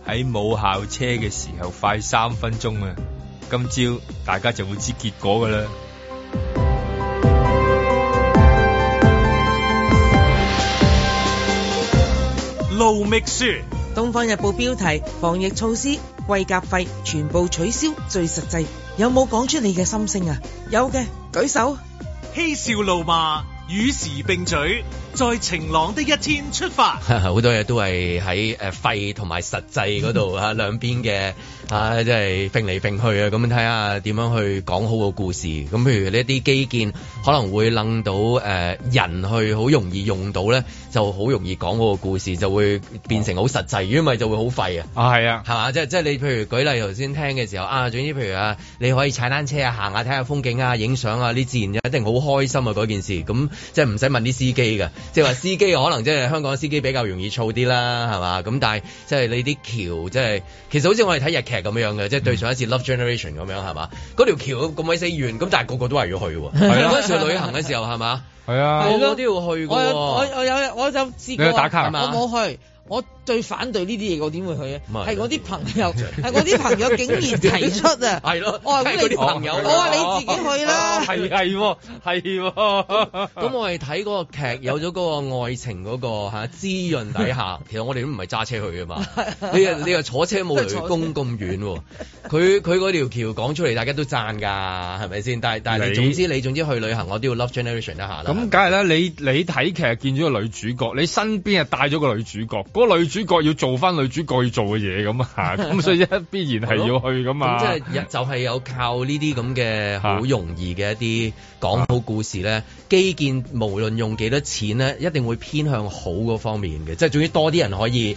喺冇校車嘅時候快三分鐘啊，今朝大家就會知結果噶啦。報秘書，《東方日報》標題：防疫措施、貴格費全部取消最實際，有冇講出你嘅心聲啊？有嘅舉手。嬉笑怒罵與時並舉，在晴朗的一天出發。好多嘢都係喺誒費同埋實際嗰度吓，兩邊嘅。啊，即係揈嚟揈去啊，咁樣睇下點樣去講好個故事。咁、啊、譬如呢一啲基建可能會諗到誒、呃、人去好容易用到咧，就好容易講好個故事，就會變成好實際。如果唔係就會好廢啊。啊，係啊，係、就、嘛、是？即係即係你譬如舉例頭先聽嘅時候啊，總之譬如啊，你可以踩單車走走看看啊，行下睇下風景啊，影相啊，呢自然一定好開心啊！嗰件事咁即係唔使問啲司機嘅，即係話司機 *laughs* 可能即、就、係、是、香港司機比較容易躁啲啦，係嘛？咁但係即係你啲橋即係其實好似我哋睇日劇。咁樣嘅，即係對上一次 Love Generation 咁樣係嘛？嗰條橋咁鬼死遠咁，但係個個都係要去喎。嗰陣 *laughs* 時去旅行嘅時候係嘛？係啊，好多 *laughs* 都要去嘅。 *laughs* 我有我有我就自己打卡，吧我冇去我，最反對呢啲嘢，我點會去啊？唔係，係我啲朋友，係我啲朋友竟然提出啊！係咯，我話你朋友，我話你自己去啦。係係係。咁我哋睇嗰個劇有咗嗰個愛情嗰個嚇滋潤底下，其實我哋都唔係揸車去啊嘛！你啊你又坐車冇雷公咁遠，佢佢嗰條橋講出嚟，大家都贊㗎，係咪先？但係但係你總之你總之去旅行，我都要 love generation 一下啦。咁梗係啦！你你睇劇見咗個女主角，你身邊啊帶咗個女主角，個女。主角要做翻女主角要做嘅嘢咁啊，咁、啊、 *laughs* 所以一必然係要去咁啊。咁 *laughs* 即係一就係有靠呢啲咁嘅好容易嘅一啲講好故事咧，啊、基建無論用幾多錢咧，一定會偏向好嗰方面嘅，即係總之多啲人可以，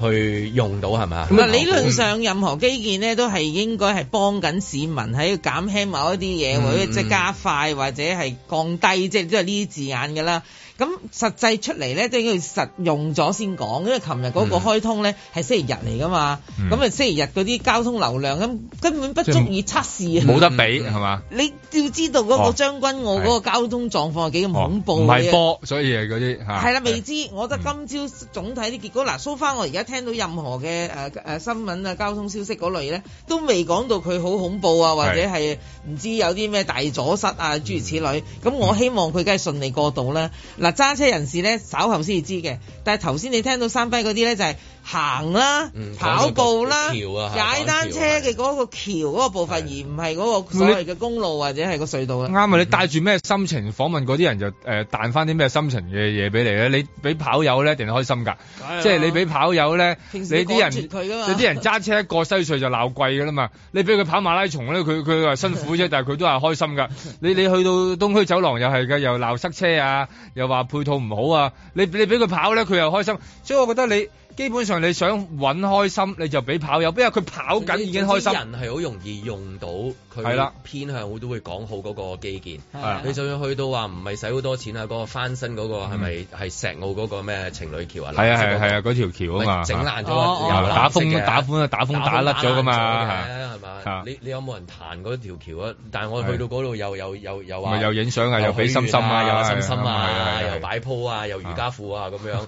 去用到係咪？唔係理論上任何基建呢都係應該係幫緊市民喺減輕某一啲嘢，或者即係加快或者係降低，即係都係呢啲字眼嘅啦。咁實際出嚟咧，都要實用咗先講。因為琴日嗰個開通咧係星期日嚟噶嘛，咁啊星期日嗰啲交通流量咁根本不足以測試，冇得比係嘛？你要知道嗰個將軍澳嗰個交通狀況係幾恐怖嘅，唔波，所以係嗰啲嚇。係啦，未知。我覺得今朝總體啲結果，嗱，收翻我而家。聽到任何嘅誒誒新聞啊、交通消息嗰類咧，都未講到佢好恐怖啊，或者係唔知有啲咩大阻塞啊諸如此類，咁、嗯、我希望佢梗係順利過渡啦。嗱、呃，揸車人士咧稍後先至知嘅。但係頭先你聽到山區嗰啲咧，就係、是、行啦、跑步、嗯、啦、踩、啊、單車嘅嗰個橋嗰個部分，而唔係嗰個所謂嘅公路或者係個隧道啊啱啊！你帶住咩心情訪問嗰啲人，就誒彈翻啲咩心情嘅嘢俾你咧？你俾跑友咧定開心㗎，當然 即係你俾跑友。當然 咧，你啲 *laughs* 人，你啲人揸車過西隧就鬧貴噶啦嘛。你俾佢跑馬拉松咧，佢佢話辛苦啫，但係佢都係開心噶。你你去到東區走廊又係噶，又鬧塞車啊，又話配套唔好啊。你你俾佢跑咧，佢又開心。所以我覺得你。基本上你想揾開心，你就俾跑友，因為佢跑緊已經開心。人係好容易用到佢，係啦，偏向我都會講好嗰個基建。你就要去到話唔係使好多錢啊？嗰個翻身嗰個係咪係石澳嗰個咩情侶橋啊？係啊係啊係啊，嗰條橋啊嘛，整爛咗，打風打風打風打甩咗噶嘛，係嘛？你你有冇人彈嗰條橋啊？但係我去到嗰度又又又又話又影相啊，又俾心心啊，又心心啊，又擺 po 啊，又瑜伽褲啊咁樣。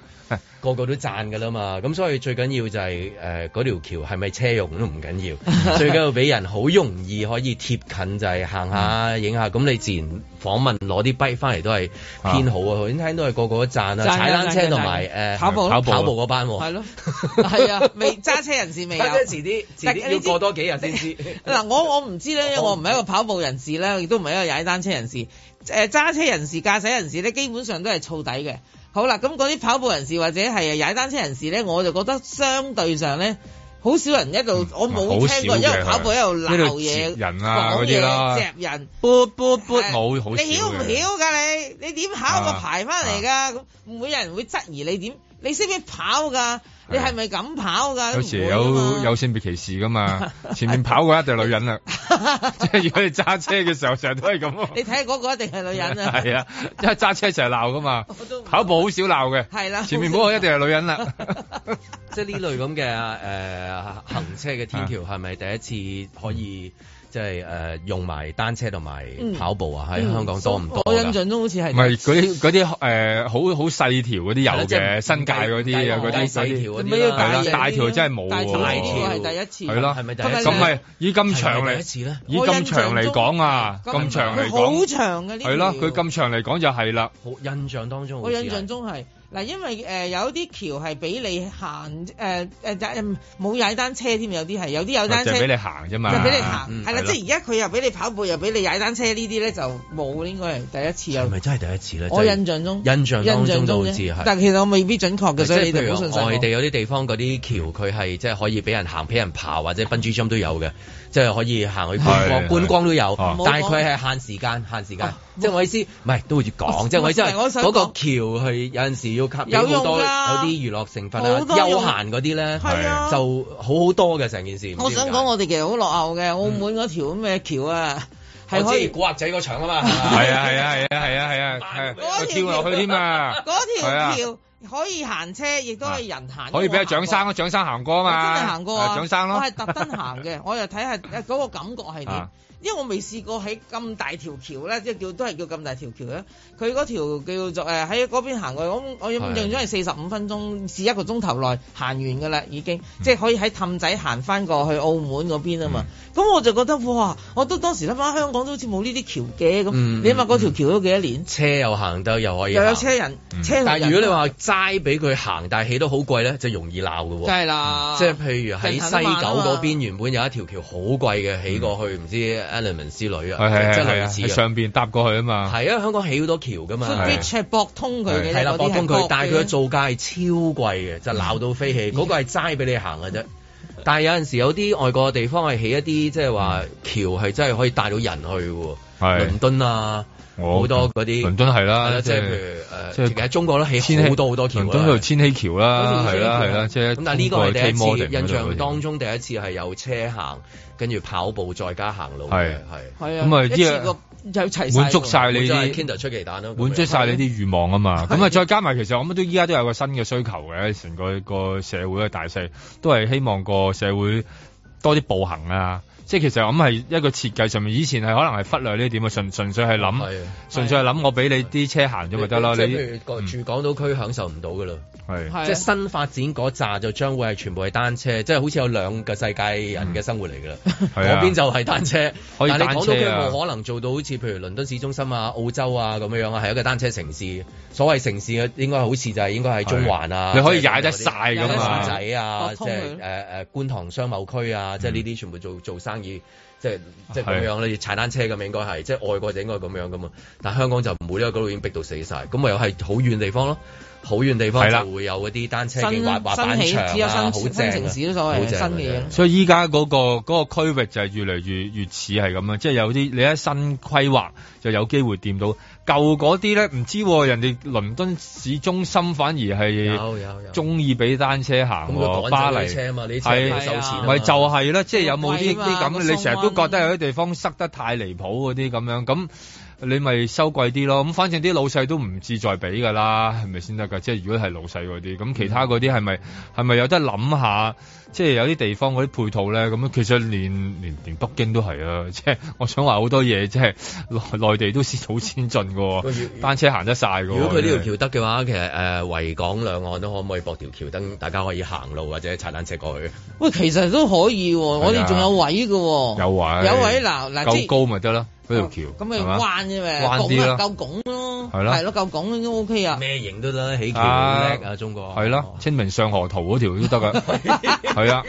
個個都讚噶啦嘛，咁所以最緊要就係誒嗰條橋係咪車用都唔緊要， *laughs* 最緊要俾人好容易可以貼近就係、是、行下影下，咁 *laughs* 你自然訪問攞啲幣翻嚟都係偏好啊！我聽都係個個都讚啊。踩單車同埋誒跑步跑步嗰班係、啊、咯，係步 *laughs* 啊，未揸車人士未有，揸遲啲遲啲要過多幾日先知。嗱，我我唔知咧，因為我唔係一個跑步人士咧，亦都唔係一個踩單車人士。誒、呃，揸車人士、駕駛人士咧，基本上都係燥底嘅。好啦，咁嗰啲跑步人士或者係踩單車人士咧，我就覺得相對上咧，好少人一度。嗯、我冇聽過，一路跑步一路鬧嘢，人啊嗰啲話啦，夾人，撥撥撥，冇的你曉唔曉噶你？你點考個牌翻嚟噶？咁唔會有人會質疑你點？你識唔識跑噶？你係咪咁跑㗎？有時有有性別歧視㗎嘛？前面跑過一定係女人啦，即係如果你揸車嘅時候成日都係咁。你睇下嗰個一定係女人啊！係啊，因為揸車成日鬧㗎嘛。跑步好少鬧嘅。係啦、啊，前面嗰個一定係女人啦。 *laughs* *laughs* *laughs* 即係呢類咁嘅誒，行車嘅天橋係咪第一次可以、嗯？ *laughs* 即係誒用埋單車同埋跑步啊，喺香港多唔多？我印象中好似係唔係嗰啲嗰啲誒好好細條嗰啲有嘅新界嗰啲啊，嗰啲細條嗰啲，大條真係冇喎。大條係第一次，係咯？係咪第一次？咁咪以咁長嚟？以咁長嚟講啊，咁長嚟講，好長嘅呢條。係咯，佢咁長嚟講就係啦。好，印象當中，我印象中係。嗱，因為誒有啲橋係俾你行，誒誒冇踩單車添，有啲係有啲有單車就俾你行啫嘛，俾你行，係啦，即係而家佢又俾你跑步，又俾你踩單車呢啲咧就冇，應該係第一次，又係咪真係第一次咧？我印象中印象印象中都知係，但其實我未必準確嘅，所以你哋唔好信曬。外地有啲地方嗰啲橋，佢係即係可以俾人行、俾人爬或者笨豬跳都有嘅。即係可以行去，觀光觀光都有，但係佢係限時間，限時間。即係我意思，唔係都會講。即係我即係嗰個橋係有陣時要吸引好多有啲娛樂成分啊，休閒嗰啲咧，就好好多嘅成件事。我想講，我哋其實好落後嘅，澳門嗰條咁咩橋啊，係可以。古惑仔嗰場啊嘛，係啊係啊係啊係啊係啊，佢跳落去添啊，嗰條橋。可以行車，亦都係人行。啊、行可以俾阿蔣生，蔣、啊、生行過啊嘛。真係行過、啊，蔣、啊、生咯我。我係特登行嘅，我又睇下嗰個感覺係點、啊。因為我未試過喺咁大條橋咧，即係叫都係叫咁大條橋咧。佢嗰條叫做誒喺嗰邊行過去，我我用咗係四十五分鐘至一個鐘頭內行完㗎啦，已經即係可以喺氹仔行翻過去澳門嗰邊啊嘛。咁我就覺得哇，我都當時諗翻香港都好似冇呢啲橋嘅咁。你諗下嗰條橋都幾多年？車又行得又可以，又有車人車。但如果你話齋俾佢行，但係起得好貴咧，就容易鬧㗎喎。真係啦，即係譬如喺西九嗰邊原本有一條橋好貴嘅起過去，唔知。element 之旅啊，即係類似上邊搭過去啊嘛。係啊，香港起好多橋噶嘛。博通佢係啦，博通佢，但係佢嘅造價係超貴嘅，就鬧到飛起。嗰個係齋俾你行嘅啫。但係有陣時有啲外國嘅地方係起一啲即係話橋係真係可以帶到人去嘅。倫敦啊，好多嗰啲。倫敦係啦，即係譬如誒。即中國都起好多好多橋。倫敦嗰度千禧橋啦，係啦。咁但係呢個我哋一次，印象當中第一次係有車行。跟住跑步，再加行路，係係係啊！的的一次過有齊滿足晒你啲 Kinder 出奇蛋咯，滿足晒你啲慾望啊嘛！咁啊的，再加埋，的其實我乜都依家都有個新嘅需求嘅，成個個社會嘅大細都係希望個社會多啲步行啊。即係其實咁係一個設計上面，以前係可能係忽略呢點啊，純純粹係諗，純粹係諗我俾你啲車行咗咪得咯。你住港島區享受唔到噶啦，即係新發展嗰扎就將會係全部係單車，即係好似有兩個世界人嘅生活嚟噶啦。嗰邊就係單車，但你港島區冇可能做到好似譬如倫敦市中心啊、澳洲啊咁樣樣啊，係一個單車城市。所謂城市嘅應該好似就係應該係中環啊，你可以踩得曬噶嘛，仔啊，即係誒誒觀塘商貿區啊，即係呢啲全部做做曬。生意即係即係咁樣咧，踩單車咁應該係是的 即係外國就應該咁樣噶嘛，但係香港就唔會，因為嗰度已經逼到死晒，咁又係好遠地方咯。好遠地方了就會有嗰啲單車條、啊新啊、城市單場啦，好正！所以依家嗰個嗰、那個、區域就係越嚟越越似係咁啦，即、就、係、是、有啲你一新規劃就有機會掂到舊嗰啲咧，唔知、啊、人哋倫敦市中心反而係有鍾意俾單車行、啊，車巴黎啊嘛，是你車收錢咪就係咯，即、就、係、是、有冇啲啲咁？你成日都覺得有啲地方塞得太離譜嗰啲咁樣咁。你咪收貴啲咯，咁反正啲老細都唔志在俾噶啦，係咪先得噶？即係如果係老細嗰啲，咁其他嗰啲係咪係咪有得諗下？即係有啲地方嗰啲配套咧，咁樣其實連連連北京都係啊！即係我想話好多嘢，即係內地都先好先進嘅、啊，單 *laughs* 車行得曬嘅、啊。如果佢呢條橋得嘅話，其實誒、呃、維港兩岸都可唔可以駁條橋，等大家可以行路或者踩單車過去？ *laughs* 喂，其實都可以喎、啊，啊、我哋仲有位嘅、啊，有位，有位。嗱嗱、啊，夠高咪得咯，嗰、啊、條橋。咁咪、啊、彎嘅咪，啊、夠拱咯。係啦，係咯，夠講應該 OK 啊，咩型都得，起橋好叻啊，中國係咯，了哦，《清明上河圖》嗰條都得噶，係啊。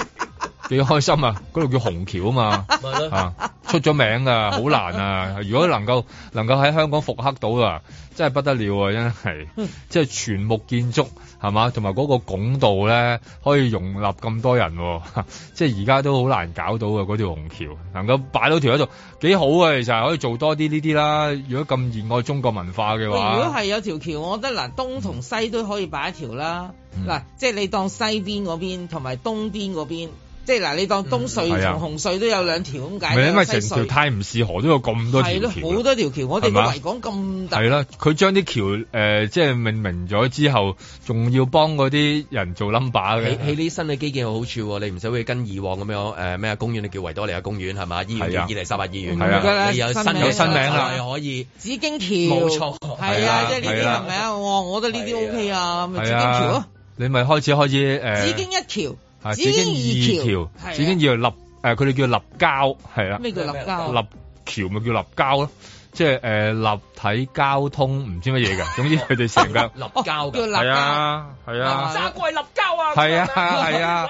幾開心啊！嗰度 *laughs* 叫紅橋啊嘛，吓、 *laughs* 啊、出咗名啊，好難啊！如果能夠能夠喺香港復刻到啊，真係不得了啊！真係，即係全木建築係嘛，同埋嗰個拱道咧可以容納咁多人，啊，即係而家都好難搞到啊，嗰條紅橋，能夠擺到條喺度，幾好啊！其實可以做多啲呢啲啦。如果咁熱愛中國文化嘅話，如果係有條橋，我覺得嗱，東同西都可以擺一條啦。嗱、嗯，即係你當西邊嗰邊同埋東邊嗰邊。即係嗱，你當東隧同紅隧都有兩條咁解，咪因為成條泰晤士河都有咁多條橋。好多條橋，我哋維港咁大。係啦，佢將啲橋誒即係命名咗之後，仲要幫嗰啲人做 number 嘅。起起啲新嘅基建有好處，你唔使好跟以往咁樣誒咩公園，你叫維多利亞公園係嘛？醫院，二嚟三八醫院係啊，你有新有新名啦，可以紫荊橋，冇錯，係啊，即係呢啲名我覺得呢啲 OK 啊，紫荊橋咯。你咪開始開始誒。紫荊一條。啊！紫荊二橋，紫荊二橋，紫荊二橋立，誒佢哋叫立交，係啦。咩叫立交？立橋咪叫立交咯，即係誒立體交通，唔知乜嘢嘅。總之佢哋成日立交嘅，係啊，係啊。揸過嚟立交啊！係啊，係啊。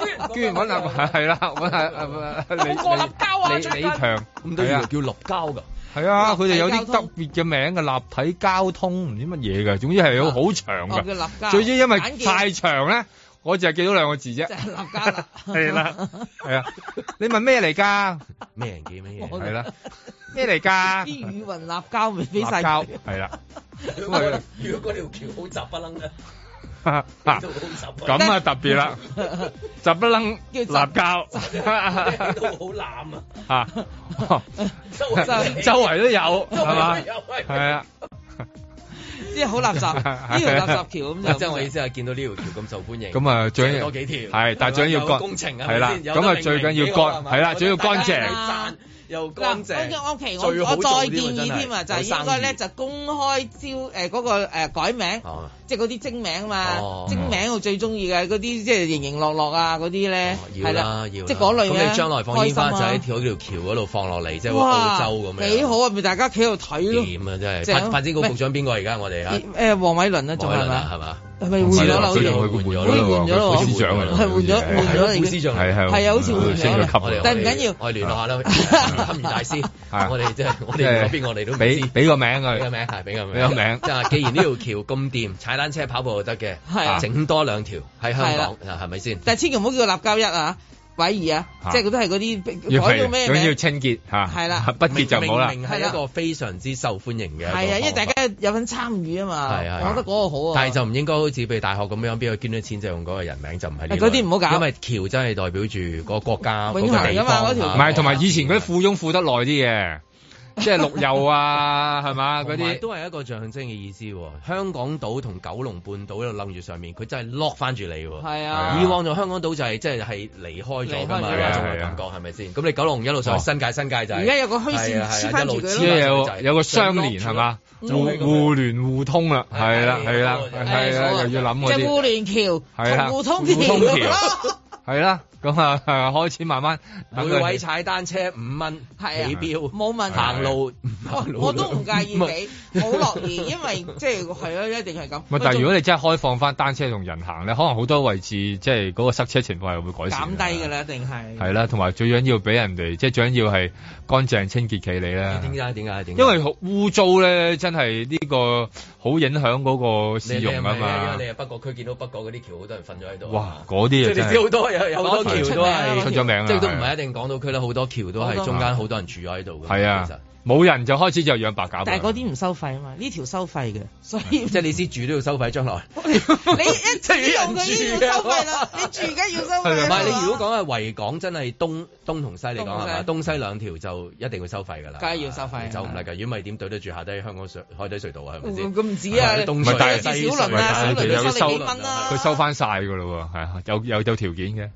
揾啊，居然揾立，係啦，揾係。你你你李強，咁都叫叫立交㗎？係啊，佢哋有啲特別嘅名嘅立體交通，唔知乜嘢嘅。總之係要好長㗎。我叫立交。總之因為太長咧。我淨係記到兩個字啫，係啦，係啦，你問咩嚟噶？咩人記咩嘢？係啦，咩嚟噶？啲雨雲立交未俾晒？立交係啦。如果嗰條橋好雜不楞咧，咁啊特別啦，雜不楞叫立交，都好攬啊！吓，周圍周圍都有係嘛？係啊。啲好垃圾，呢條垃圾橋，咁就即係我意思係見到呢條橋咁受歡迎，咁啊最緊要多幾條，係，但係最緊要幹工程啊，係啦，咁啊最緊要幹係啦，最緊要乾淨。又乾淨，最好做啲再建議添啊，就應該咧就公開招誒嗰個改名，即係嗰啲精名啊嘛。精名我最中意嘅嗰啲，即係營營落落啊嗰啲咧，係啦，即係嗰類咁，你將來放煙花就喺條橋嗰度放落嚟，即係澳洲咁樣。幾好啊！咪大家企度睇啊！真係發發展局局長邊個而家我哋啊？誒黃偉倫啊，仲係咪啊？係嘛？係咪換咗咯？換咗咯喎！副司長係咯，係換咗，換咗嚟嘅。係係係啊，好似換咗，但係唔緊要，我聯絡下啦。大師，我哋即係我哋嗰邊，我哋都唔知。俾俾個名佢，俾個名，係俾個名，俾個名。即係既然呢條橋咁掂，踩單車跑步又得嘅，係啊，整多兩條喺香港係咪先？但係千祈唔好叫做立交一啊！偉儀啊，即係佢都係嗰啲改到咩名？要清潔吓，係啦，不潔就好啦。係一個非常之受歡迎嘅，係啊，因為大家有份參與啊嘛。係啊，我覺得嗰個好啊。但係就唔應該好似畀大學咁樣，邊個捐咗錢就用嗰個人名，就唔係。嗰啲唔好搞，因為橋真係代表住個國家。名牌噶嘛，嗰條唔係，同埋以前嗰啲富翁富得耐啲嘅。即係陸游啊，係嘛？嗰啲都係一個象徵嘅意思。香港島同九龍半島喺度冧住上面，佢真係 lock 翻住你。係啊，以往就香港島就係即係係離開咗噶嘛，種嘅感覺係咪先？咁你九龍一路上新界新界，就係而家有個虛線黐翻住佢啦，有個相連係嘛，互互聯互通啦，係啦係啦係啦，又要諗嗰啲。互聯橋，互互通橋，係啦。咁啊，開始慢慢每位踩單車五蚊，係啊，票冇問行路，我都唔介意你，好樂意，因為即係係咯，一定係咁。但係如果你真係開放翻單車同人行咧，可能好多位置即係嗰個塞車情況係會改善。減低㗎啦，一定係係啦，同埋最緊要俾人哋即係最緊要係乾淨、清潔、企理啦。點解？點解？點解？因為污糟咧，真係呢個好影響嗰個市容啊嘛。你係北角區見到北角嗰啲橋好多人瞓咗喺度。哇！嗰啲啊，真係多又多。橋都係出咗名，即都唔係一定港島區啦。好多橋都係中間好多人住喺度嘅，係啊，冇人就開始就養白鴿。但係嗰啲唔收費啊嘛，呢條收費嘅，所以即係你先住都要收費。將來你一人住啊，你住梗要收費。唔係你如果講係維港，真係東東同西嚟講係嘛，東西兩條就一定會收費噶啦，梗係要收費，就唔甩噶。如果唔係點對得住下低香港隧海底隧道啊？係咪先？咁唔止啊，唔係但係小輪啊，小輪要佢收翻晒噶啦，係有有有條件嘅。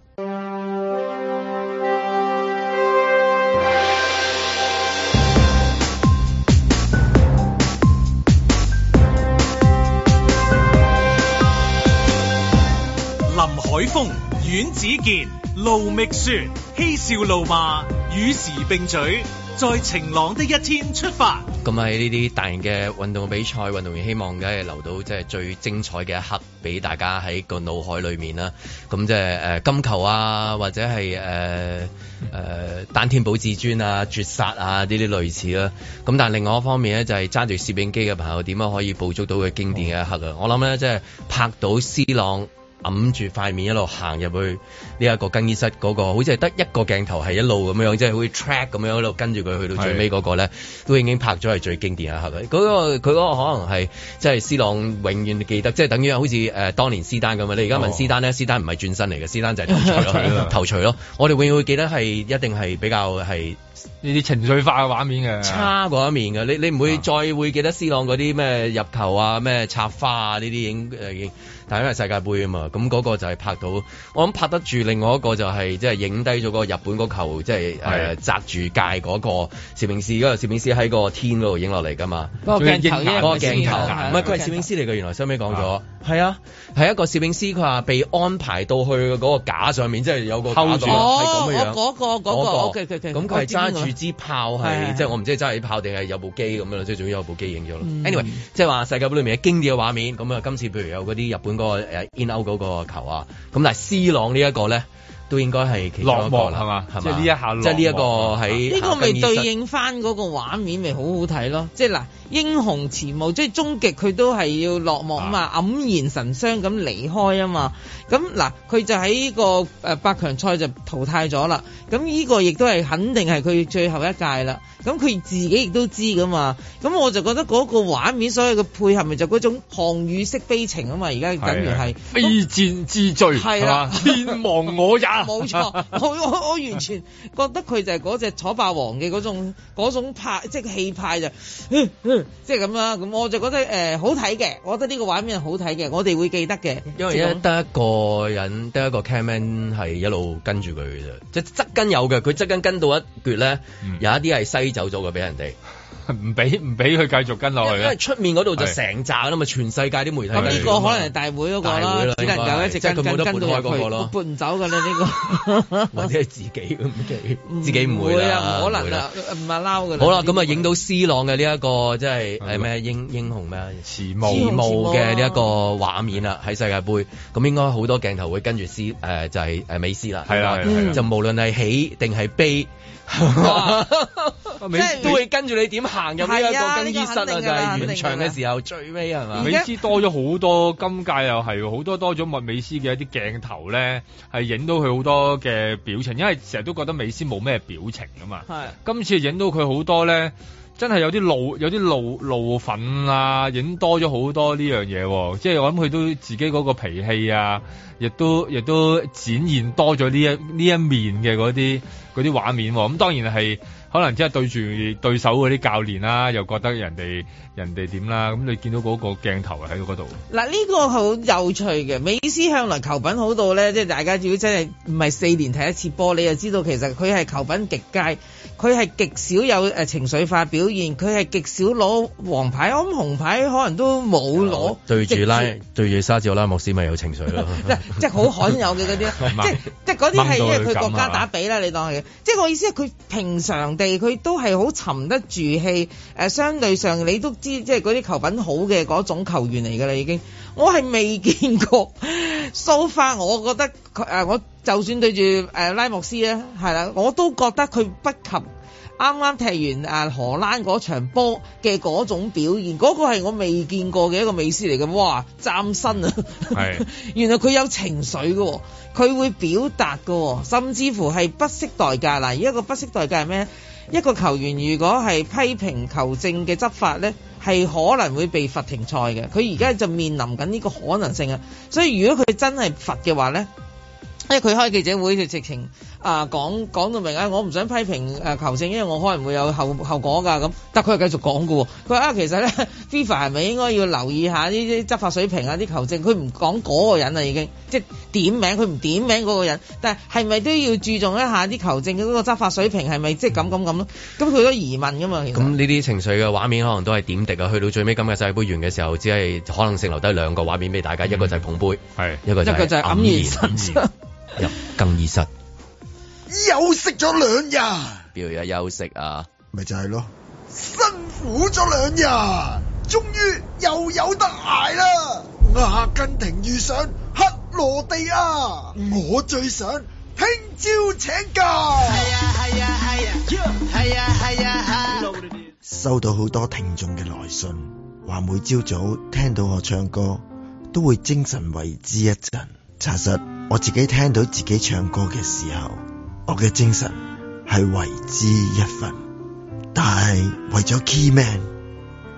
海峰、阮子健、盧覓雪、嬉笑怒罵，與時並嘴，在晴朗的一天出發。咁喺呢啲大型嘅運動比賽，運動員希望梗係留到即係最精彩嘅一刻，俾大家喺個腦海裏面啦。咁即係誒金球啊，或者係誒誒單天保至尊啊、絕殺啊呢啲類似啦、啊。咁但係另外一方面呢就係揸住攝影機嘅朋友，點樣可以捕捉到佢經典嘅一刻啊？嗯、我諗呢，即、就、係、是、拍到 C 朗。揞住塊面一路行入去呢一個更衣室嗰個，好似係得一個鏡頭係一路咁樣，即係好似 track 咁樣喺度跟住佢去到最尾嗰個咧，都已經拍咗係最經典啦，係咪？嗰個佢嗰個可能係即係斯朗永遠記得，即係等於好似誒當年斯丹咁樣！你而家問斯丹咧，哦、斯丹唔係轉身嚟嘅，斯丹就係頭槌咯，頭槌 *laughs* 咯！我哋永遠會記得係一定係比較係。呢啲情緒化嘅畫面嘅，差嗰一面嘅，你你唔會再會記得 C 朗嗰啲咩入球啊，咩插花啊呢啲影但因為世界盃啊嘛，咁嗰個就係拍到我諗拍得住。另外一個就係即係影低咗個日本嗰球，即係誒擲住界嗰個攝影師，嗰個攝影師喺個天嗰度影落嚟噶嘛。不過影嗰個鏡頭唔係佢，係攝影師嚟嘅，原來收尾講咗係啊，係一個攝影師佢話被安排到去嗰個架上面，即係有個偷住係咁樣。嗰個關注支炮係的即係我唔知係揸起炮定係有部機咁樣咯，即係總之有，有部機影咗咯。嗯、anyway，即係話世界杯裏面嘅經典嘅畫面，咁啊今次譬如有嗰啲日本嗰個誒、呃、in-out 嗰個球啊，咁但係 C 朗呢一個咧。都應該係落幕係嘛，即係呢一下，即係呢一個喺呢個咪對應翻嗰個畫面咪好好睇咯，即係嗱英雄遲暮，即係終極佢都係要落幕啊嘛，啊黯然神傷咁離開啊嘛，咁嗱佢就喺呢、這個誒、呃、八強賽就淘汰咗啦，咁呢個亦都係肯定係佢最後一屆啦。咁佢自己亦都知噶嘛？咁我就覺得個畫面所有嘅配合咪就種項羽式悲情啊嘛！而家等於係非戰之罪，係啊吧，天亡我也。冇錯錯， *laughs* 我我我完全覺得佢就係隻楚霸王嘅種種嗰派即係氣派就，即係咁啦。咁 *laughs* 我就覺得誒、呃、好睇嘅，我覺得呢個畫面好睇嘅，我哋會記得嘅。因為咧，得一個人，得一個 cameraman 係一路跟住佢嘅啫。即、就、側、是、跟有嘅，佢側跟跟到一橛咧，有一啲係細。走咗嘅俾人哋，唔俾唔俾佢繼續跟落去，因為出面嗰度就成紮啦，嘛，全世界啲媒體。咁呢個可能係大會嗰個啦，只能夠咧即係佢冇得撥開嗰個咯，撥唔走㗎啦呢個。或者係自己，自己唔會可能啦，唔係撈㗎。好啦，咁啊影到 C 朗嘅呢一個即係咩英英雄咩？慈母嘅呢一個畫面啦，喺世界盃。咁應該好多鏡頭會跟住 C 誒就係誒美斯啦，係就無論係喜定係悲。哇！ *laughs* 是都會跟住你點行入呢一個更衣室啊，這個、就係完場嘅時候最尾係嘛？定吧美斯多咗好多，今屆又係好多多咗麥美斯嘅一啲鏡頭咧，係影到佢好多嘅表情，因為成日都覺得美斯冇咩表情㗎嘛。係，是啊、今次影到佢好多咧。真係有啲怒，有啲怒怒憤啊！影多咗好多呢樣嘢喎，即係我諗佢都自己嗰個脾氣啊，亦都亦都展現多咗呢一呢一面嘅嗰啲嗰啲畫面，哦。咁，嗯，當然係可能即係對住對手嗰啲教練啦，啊，又覺得人哋。人哋點啦？咁你見到嗰個鏡頭喺嗰度。嗱，呢個好有趣嘅，美斯向來球品好到呢，即係大家如果真係唔係四年睇一次波，你就知道其實佢係球品極佳，佢係極少有誒情緒化表現，佢係極少攞黃牌，我諗紅牌可能都冇攞、嗯。對住拉著對住沙治奧拉莫斯咪有情緒咯。即係好罕有嘅嗰啲， *laughs* *laughs* 即 *laughs* 即嗰啲係因為佢國家打比啦，嗯、你當係。嗯、即係我意思係佢平常地，佢都係好沉得住氣。誒，相對上你都。即係嗰啲球品好嘅嗰種球員嚟噶啦，已經我係未見過。 *laughs* So far 我覺得誒、呃，我就算對住誒、呃、拉莫斯咧，係啦，我都覺得佢不及啱啱踢完誒、呃、荷蘭嗰場波嘅嗰種表現，嗰、這個係我未見過嘅一個美斯嚟嘅。哇，嶄新啊，係， *laughs* 原來佢有情緒噶，佢會表達噶，甚至乎係不惜代價。嗱，而一個不惜代價係咩？一個球員如果係批評球證嘅執法咧，係可能會被罰停賽嘅，佢而家就面臨緊呢個可能性啊！所以如果佢真係罰嘅話咧，因為佢開記者會就直情啊講講到明啊、哎，我唔想批評誒球證，因為我可能會有後後果㗎咁，但佢係繼續講嘅喎，佢話啊其實咧，FIFA 係咪應該要留意下呢啲執法水平啊？啲球證，佢唔講嗰個人啊，已經即點名佢唔點名嗰個人，但係係咪都要注重一下啲球證嘅嗰個執法水平係咪即係咁咁咁咯？咁佢、就是嗯、都疑問噶嘛？咁呢啲情緒嘅畫面可能都係點滴啊！去到最尾今日世界杯完嘅時候，只係可能剩留低兩個畫面俾大家，嗯、一個就係捧杯，係一個就係黯然神傷黯然 入更衣室休息咗兩日。邊度有休息啊？咪就係咯，辛苦咗兩日，終於又有得捱啦！阿、啊、根廷遇上克羅地亞，啊，我最想聽朝請假。係啊係啊係啊，係啊係啊係。收到好多聽眾嘅來信，話每朝早聽到我唱歌，都會精神為之一振。查實我自己聽到自己唱歌嘅時候，我嘅精神係為之一振。但係為咗 Keyman，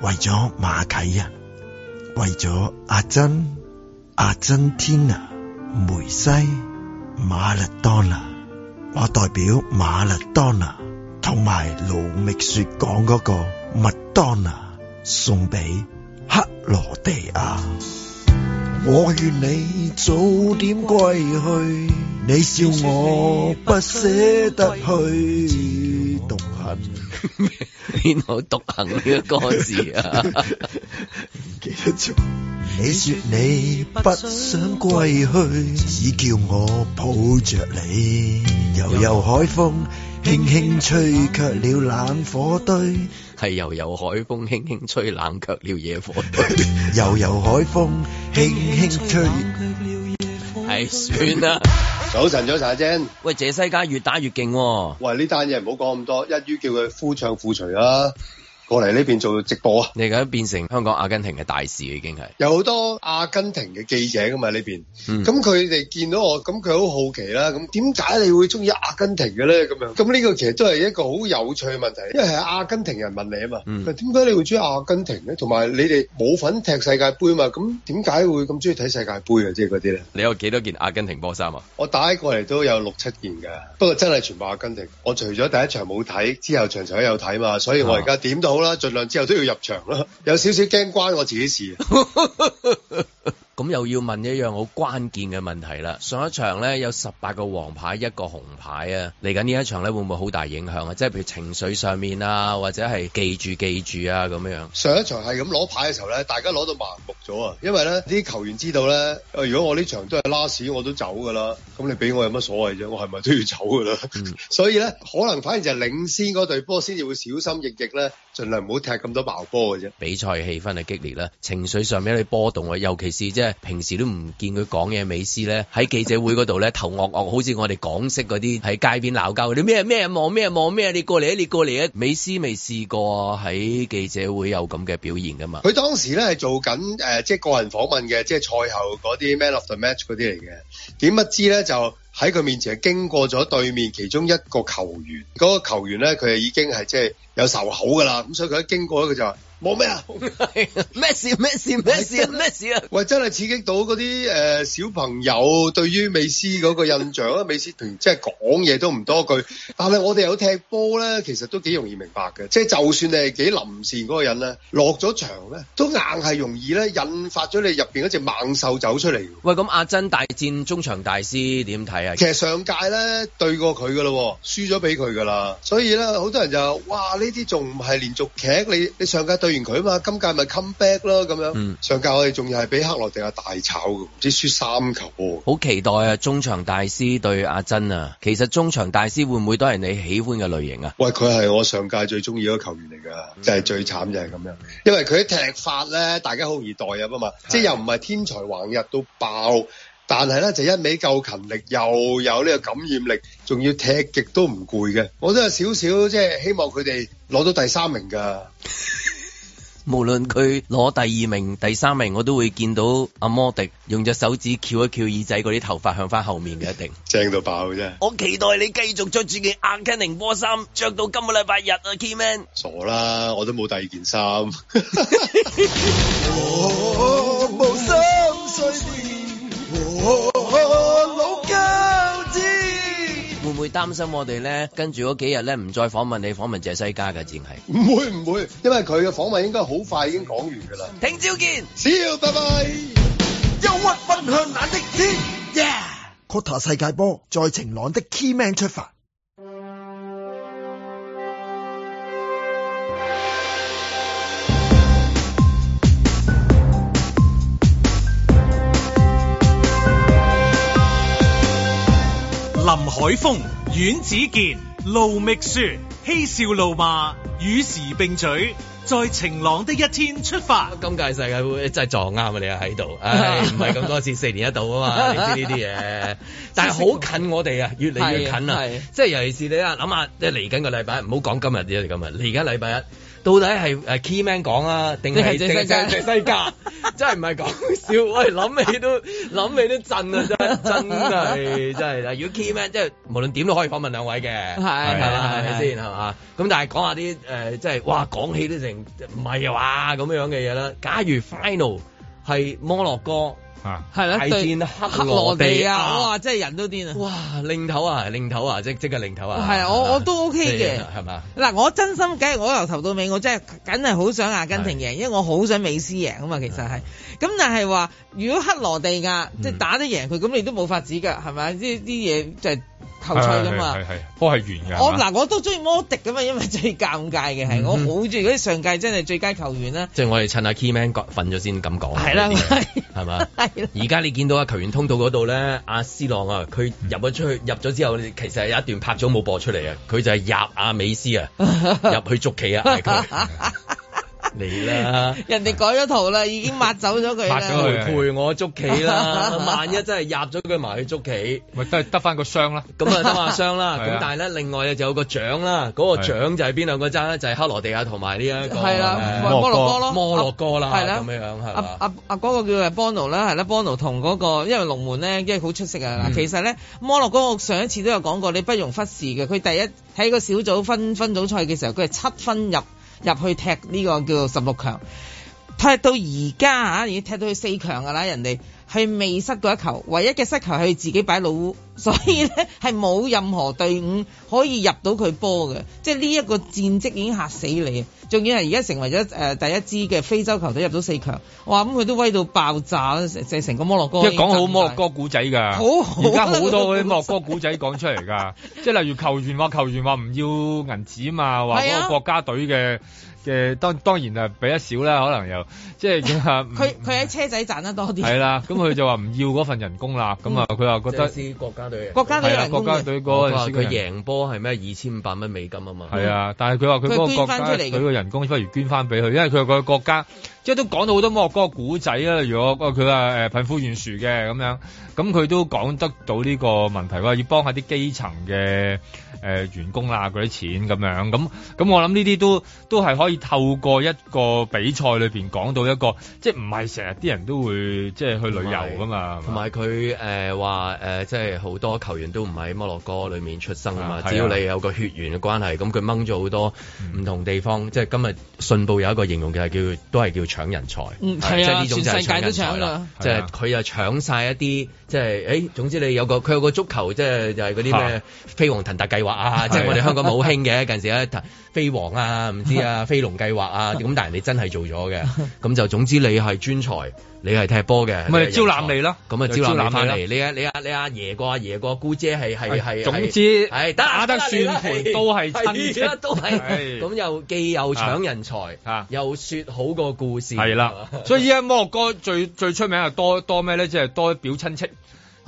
為咗馬啟人，為咗阿珍、阿珍天啊，梅西、馬勒當拿，我代表馬勒當拿同埋盧覓雪講嗰個麥當娜送俾克羅地亞。我願你早點歸去，你笑我不捨得去。獨行，邊個獨行呢個歌詞啊？唔 *laughs* 記得咗。你說你不想歸去，只叫我抱着你。悠悠海風輕輕吹，卻了冷火堆。係悠悠海風輕輕吹，冷卻了野火堆。悠 *laughs* 悠 *laughs* 海風輕輕吹，冷 *laughs* *laughs* 了野火。係算啦。 *laughs* 早晨，早晨，阿珍。喂，謝西家越打越勁喎。喂，呢單嘢唔好講咁多，一於叫佢夫唱婦隨啦。過嚟呢邊做直播啊！你而家變成香港阿根廷嘅大使，已經係有好多阿根廷嘅記者噶嘛呢邊，咁佢哋見到我，咁佢好好奇啦，咁點解你會中意阿根廷嘅咧？咁樣，咁呢個其實都係一個好有趣嘅問題，因為係阿根廷人問你啊嘛，佢點解你會中意阿根廷咧？同埋你哋冇份踢世界杯啊嘛，咁點解會咁中意睇世界杯啊？即係嗰啲咧？你有幾多件阿根廷波衫啊？我打過嚟都有六七件噶，不過真係全部阿根廷。我除咗第一場冇睇，之後場場都有睇嘛，所以我而家點都。好啦，盡量之後都要入場啦。有少少驚關我自己事。咁又要問一樣好關鍵嘅問題啦。上一場咧有十八個黃牌一個紅牌啊，嚟緊呢一場咧會唔會好大影響啊？即係譬如情緒上面啊，或者係記住記住啊咁樣。上一場係咁攞牌嘅時候咧，大家攞到麻木咗啊，因為咧啲球員知道咧，如果我呢場都係拉屎，我都走噶啦。咁你俾我有乜所謂啫？我係咪都要走噶啦？ *laughs* 所以咧，可能反而就係領先嗰隊波先至會小心翼翼咧，盡量唔好踢咁多爆波嘅啫。比賽氣氛係激烈啦，情緒上面都波動啊。尤其是即係平時都唔見佢講嘢，美斯咧喺記者會嗰度咧，頭惡惡， *laughs* 好似我哋港式嗰啲喺街邊鬧交嗰啲咩咩望咩望咩，你過嚟啊！你過嚟啊！美斯未試過喺記者會有咁嘅表現噶嘛？佢當時咧係做緊誒、呃，即係個人訪問嘅，即係賽後嗰啲 Man of the Match 嗰啲嚟嘅。點不知咧，就喺佢面前係經過咗對面其中一個球員，嗰、那個球員咧，佢係已經係即係有仇口噶啦，咁所以佢一經過，佢就。冇咩啊？咩 *laughs* 事咩事咩事咩事啊！喂，真係刺激到嗰啲誒小朋友對於美斯嗰個印象啊！ *laughs* 美斯平時即係講嘢都唔多句，但係我哋有踢波咧，其實都幾容易明白嘅。即係就算你係幾臨時嗰個人咧，落咗場咧，都硬係容易咧，引發咗你入邊嗰隻猛獸走出嚟。喂，咁阿珍大戰中場大師點睇啊？其實上屆咧對過佢噶啦，輸咗俾佢噶啦，所以咧好多人就哇呢啲仲唔係連續劇？你你上屆對完佢啊嘛，今屆咪 come back 咯咁樣。上屆我哋仲係俾克羅地亞大炒，唔知輸三球，啊。好期待啊，中場大師對阿珍啊。其實中場大師會唔會都係你喜歡嘅類型啊？喂，佢係我上屆最中意嗰個球員嚟㗎，嗯、就係最慘就係咁樣。因為佢踢法咧，大家好易代入啊嘛，的即係又唔係天才橫溢到爆，但係咧就一味夠勤力，又有呢個感染力，仲要踢極都唔攰嘅。我都有少少即係希望佢哋攞到第三名㗎。 *laughs* 無論佢攞第二名、第三名，我都會見到阿、啊、摩迪用隻手指翹一翹耳仔，嗰啲頭髮向翻後面嘅一定，正到爆嘅啫。我期待你繼續着住件 Argentina 波衫，着到今個禮拜日啊 Keyman 傻啦，我都冇第二件衫。 *laughs* *laughs* 我會擔心我哋咧，跟住嗰幾日咧，唔再訪問你，訪問謝西家嘅，只係唔會唔會，因為佢嘅訪問應該好快已經講完噶啦。聽朝見，See you，拜拜。憂鬱奔向藍的天，Yeah，Cutter 世界波，在晴朗的一天出發。林海峰、阮子健、盧覓雪、嬉笑怒罵，與時並取，在晴朗的一天出發。今屆世界盃真係撞啱啊！你又喺度，唉，唔係咁多次， *laughs* 四年一度啊嘛，你知呢啲嘢。但係好近我哋啊，越嚟越近啊，即係 *laughs* 尤其是你啊，諗下，即係嚟緊個禮拜，唔好講今日啲咁啊，你而家禮拜一。到底係誒 Keyman 講啊，定係鄭西鄭西嘉？真係唔係講笑，喂，諗起都諗起都震啊！真係真啊，真係！如果 Keyman 即係無論點都可以訪問兩位嘅，係係啦，係咪先？係嘛？咁但係講下啲誒，即係哇，講起都成唔係話咁樣嘅嘢啦。假如 Final 係摩洛哥。啊，係咧，大癲對克羅地啊，地啊哇，真係人都癲啊！哇，擰頭啊，擰頭啊，即即係擰頭啊！係啊，吧我我都 OK 嘅，係嘛吧？嗱，我真心，梗係我由頭到尾，我真係梗係好想阿根廷贏，是因為我好想美斯贏啊嘛，其實係。咁是但係話，如果克羅地亞、啊、即係打得贏佢，咁你都冇法子㗎，係咪啊？啲啲嘢就係、是。球賽㗎嘛，波係圓嘅。我嗱，我都中意摩迪嘅嘛，因為最尷尬嘅係我好中意嗰啲上屆真係最佳球員啦。即係我哋趁阿 Keyman 瞓咗先咁講，係啦，係嘛，係啦。而家你見到阿球員通道嗰度咧，阿 C 朗啊，佢入咗出去，入咗之後，其實係有一段拍咗冇播出嚟啊，佢就係入阿美斯啊，入去捉棋啊。你啦！人哋改咗圖啦，已經抹走咗佢啦。佢，陪我捉棋啦！萬一真係入咗佢埋去捉棋，咪都係得翻個傷啦。咁啊得啊傷啦。咁但係咧，另外就有個獎啦。嗰個獎就係邊兩個爭咧？就係克羅地亞同埋呢一個摩洛哥咯。摩洛哥啦，係啦，咁樣樣係啦。阿阿阿嗰個叫做邦奴啦，係啦，邦奴同嗰個因為龍門咧，因為好出色啊。嗱，其實咧摩洛哥我上一次都有講過，你不容忽視嘅。佢第一喺個小組分分組賽嘅時候，佢係七分入。入去踢呢個叫十六強，踢到而家吓已經踢到去四強噶啦，人哋。係未失過一球，唯一嘅失球係自己擺老，所以咧係冇任何隊伍可以入到佢波嘅，即係呢一個戰績已經嚇死你。仲要係而家成為咗誒第一支嘅非洲球隊入到四強，哇！咁佢都威到爆炸啦，成成個摩洛哥。即係講好摩洛哥古仔噶好，而家好多啲摩洛哥古仔講出嚟噶 *laughs* 即係例如球員話球員話唔要銀紙啊嘛，話嗰個國家隊嘅。嘅，當當然係俾得少啦，可能又即係佢佢喺車仔賺得多啲。係啦的，咁佢 *laughs* 就話唔要嗰份人工啦。咁啊、嗯，佢又、嗯、覺得國家隊國家隊有人工嘅。國家隊嗰陣時佢贏波係咩？二千五百蚊美金啊嘛。係啊，但係佢話佢嗰個國家佢個人工不如捐翻俾佢，因為佢話佢國家。即係都講到好多摩洛哥古仔啊，如果佢話誒，貧富懸殊嘅咁樣，咁佢都講得到呢個問題話要幫下啲基層嘅誒員工啊，啲錢咁樣，咁咁我諗呢啲都都係可以透過一個比賽裏邊講到一個即係唔係成日啲人都會即係去旅遊噶嘛，同埋佢誒，話誒，即係好多球員都唔係摩洛哥裏面出生啊嘛，啊啊只要你有個血緣嘅關係，咁佢掹咗好多唔同地方，嗯、即係今日信報有一個形容就係叫都係叫。搶人才，嗯啊，嗯，即係呢種，就係搶人才啦，即係佢又搶曬一啲。即係，誒，總之你有個佢有個足球，即係就係嗰啲咩飛黃騰達計劃啊！即係我哋香港冇興嘅，近時咧飛黃啊，唔知啊飛龍計劃啊，咁但係你真係做咗嘅，咁就總之你係專才，你係踢波嘅，咪招攬你咯，咁啊招攬你嚟，你啊你啊你阿爺個阿爺個姑姐係係係，總之係得阿得孫都係都係，咁又既又搶人才，又説好個故事，係啦。所以依家摩洛哥最最出名係多多咩咧？即係多表親戚。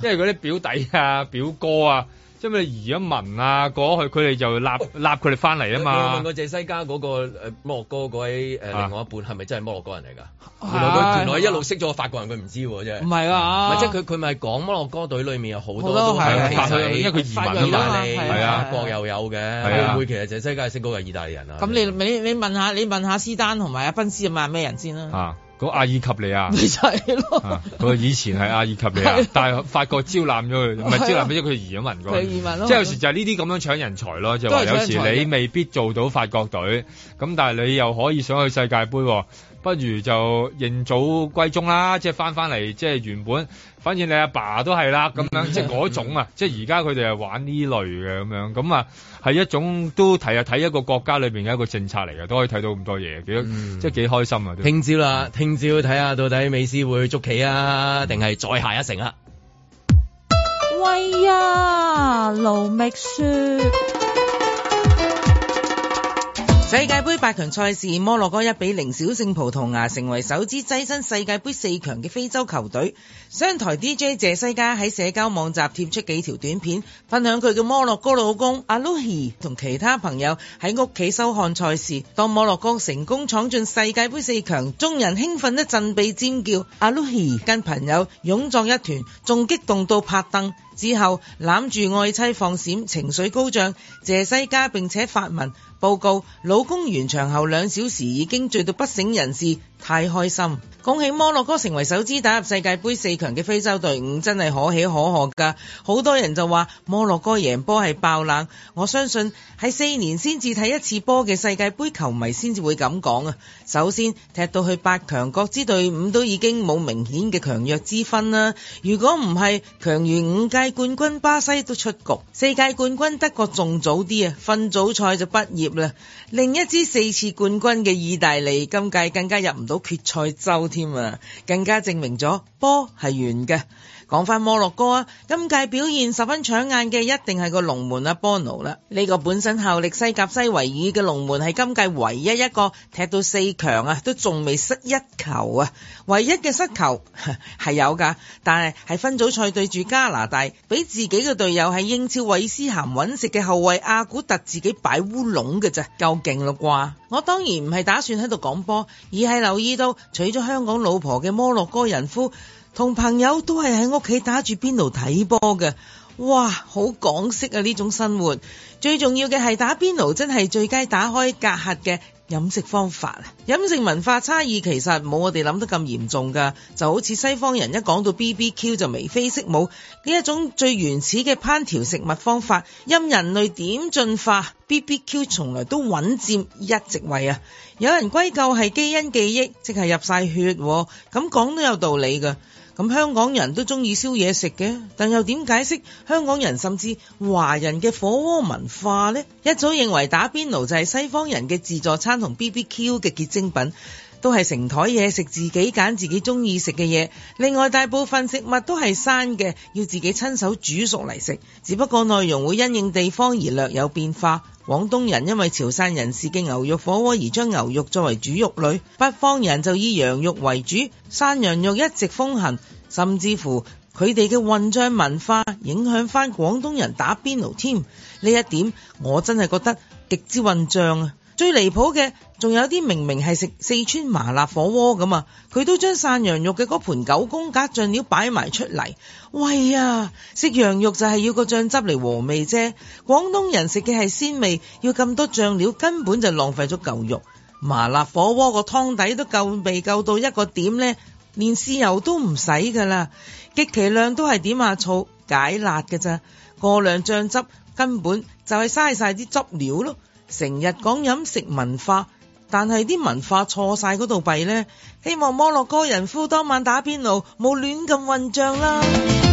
因為嗰啲表弟啊、表哥啊，因為移民啊過去，佢哋就立拉佢哋翻嚟啊嘛。你問嗰隻西加嗰個誒摩洛哥嗰位誒另外一半係咪真係摩洛哥人嚟噶？原來佢原來一路識咗個法國人，佢唔知真係。唔係啊！唔係即係佢佢咪講摩洛哥隊裏面有好多都係因為佢移民意大利。係啊，法國又有嘅。係啊，會其實西加識個意大利人啊。咁你你問下你問下斯丹同埋阿芬斯啊嘛咩人先啦？個阿爾及利亞，咪就係咯。佢以前係阿爾及利亞， *laughs* 但係法國招攬咗佢，唔係 *laughs* 招攬俾咗佢移咗 *laughs* 民咯。 *laughs* 即係有時就係呢啲咁樣搶人才咯，就話有時你未必做到法國隊，咁 *laughs* 但係你又可以想去世界杯喎。不如就認祖歸宗啦，即係翻翻嚟，即係原本。反正你阿爸都係啦，咁樣即係嗰種啊，即係而家佢哋係玩呢類嘅咁樣，咁啊係一種都睇下，睇一個國家裏邊嘅一個政策嚟嘅，都可以睇到咁多嘢，幾多、嗯、即係幾開心啊！聽朝啦，聽朝睇下到底美斯會捉棋啊，定係再下一城啊！喂啊，盧覓雪！世界杯八強賽事，摩洛哥一比零小勝葡萄牙，成為首支躋身世界杯四強嘅非洲球隊。商台 DJ 謝西嘉喺社交網站貼出幾條短片，分享佢嘅摩洛哥老公阿 Lucy 同其他朋友喺屋企收看賽事。當摩洛哥成功闖進世界杯四強，眾人興奮得振臂尖叫，阿 Lucy 跟朋友擁作一團，仲激動到拍凳。之後攬住愛妻放閃，情緒高漲，謝西嘉並且發文報告，老公完場後兩小時已經醉到不省人事。太開心！講起摩洛哥成為首支打入世界杯四強嘅非洲隊伍，真係可喜可賀噶。好多人就話摩洛哥贏波係爆冷，我相信喺四年先至睇一次波嘅世界杯球迷先至會咁講啊。首先踢到去八強各支隊伍都已經冇明顯嘅強弱之分啦。如果唔係，強如五屆冠軍巴西都出局，四屆冠軍德國仲早啲啊，分組賽就畢業啦。另一支四次冠軍嘅意大利今屆更加入唔。到決賽周添啊，更加證明咗波係圓嘅。講翻摩洛哥啊，今屆表現十分搶眼嘅，一定係個龍門啊 Bono 啦。呢、bon 呢個本身效力西甲西維爾嘅龍門，係今屆唯一一個踢到四強啊，都仲未失一球啊。唯一嘅失球係有噶，但係係分組賽對住加拿大，俾自己嘅隊友係英超韋斯咸揾食嘅後衛阿古特自己擺烏龍嘅啫，夠勁咯啩！我當然唔係打算喺度講波，而係留意到娶咗香港老婆嘅摩洛哥人夫。同朋友都係喺屋企打住邊爐睇波嘅，哇，好港式啊！呢種生活最重要嘅係打邊爐真係最佳打開隔閡嘅。飲食方法啊，飲食文化差異其實冇我哋諗得咁嚴重噶，就好似西方人一講到 BBQ 就眉飛色舞，呢一種最原始嘅烹調食物方法，任人類點進化，BBQ 從來都穩佔一席位啊！有人歸咎係基因記憶，即係入晒血啊，咁講都有道理噶。咁香港人都中意燒嘢食嘅，但又點解釋香港人甚至華人嘅火鍋文化咧？一早認為打邊爐就係西方人嘅自助餐同 BBQ 嘅結晶品。都係成台嘢食，自己揀自己中意食嘅嘢。另外大部分食物都係生嘅，要自己親手煮熟嚟食。只不過內容會因應地方而略有變化。廣東人因為潮汕人士嘅牛肉火鍋而將牛肉作為主肉類，北方人就以羊肉為主。山羊肉一直風行，甚至乎佢哋嘅混帳文化影響翻廣東人打邊爐添。呢一點我真係覺得極之混帳啊！最離譜嘅。仲有啲明明係食四川麻辣火鍋咁啊，佢都將涮羊肉嘅嗰盤九宮格醬料擺埋出嚟。喂啊！食羊肉就係要個醬汁嚟和味啫。廣東人食嘅係鮮味，要咁多醬料根本就浪費咗嚿肉。麻辣火鍋個湯底都夠味夠到一個點呢，連豉油都唔使噶啦。極其量都係點下醋解辣㗎咋。過量醬汁根本就係嘥晒啲汁料咯。成日講飲食文化。但係啲文化錯晒嗰度弊咧，希望摩洛哥人夫當晚打邊爐，冇亂咁混賬啦～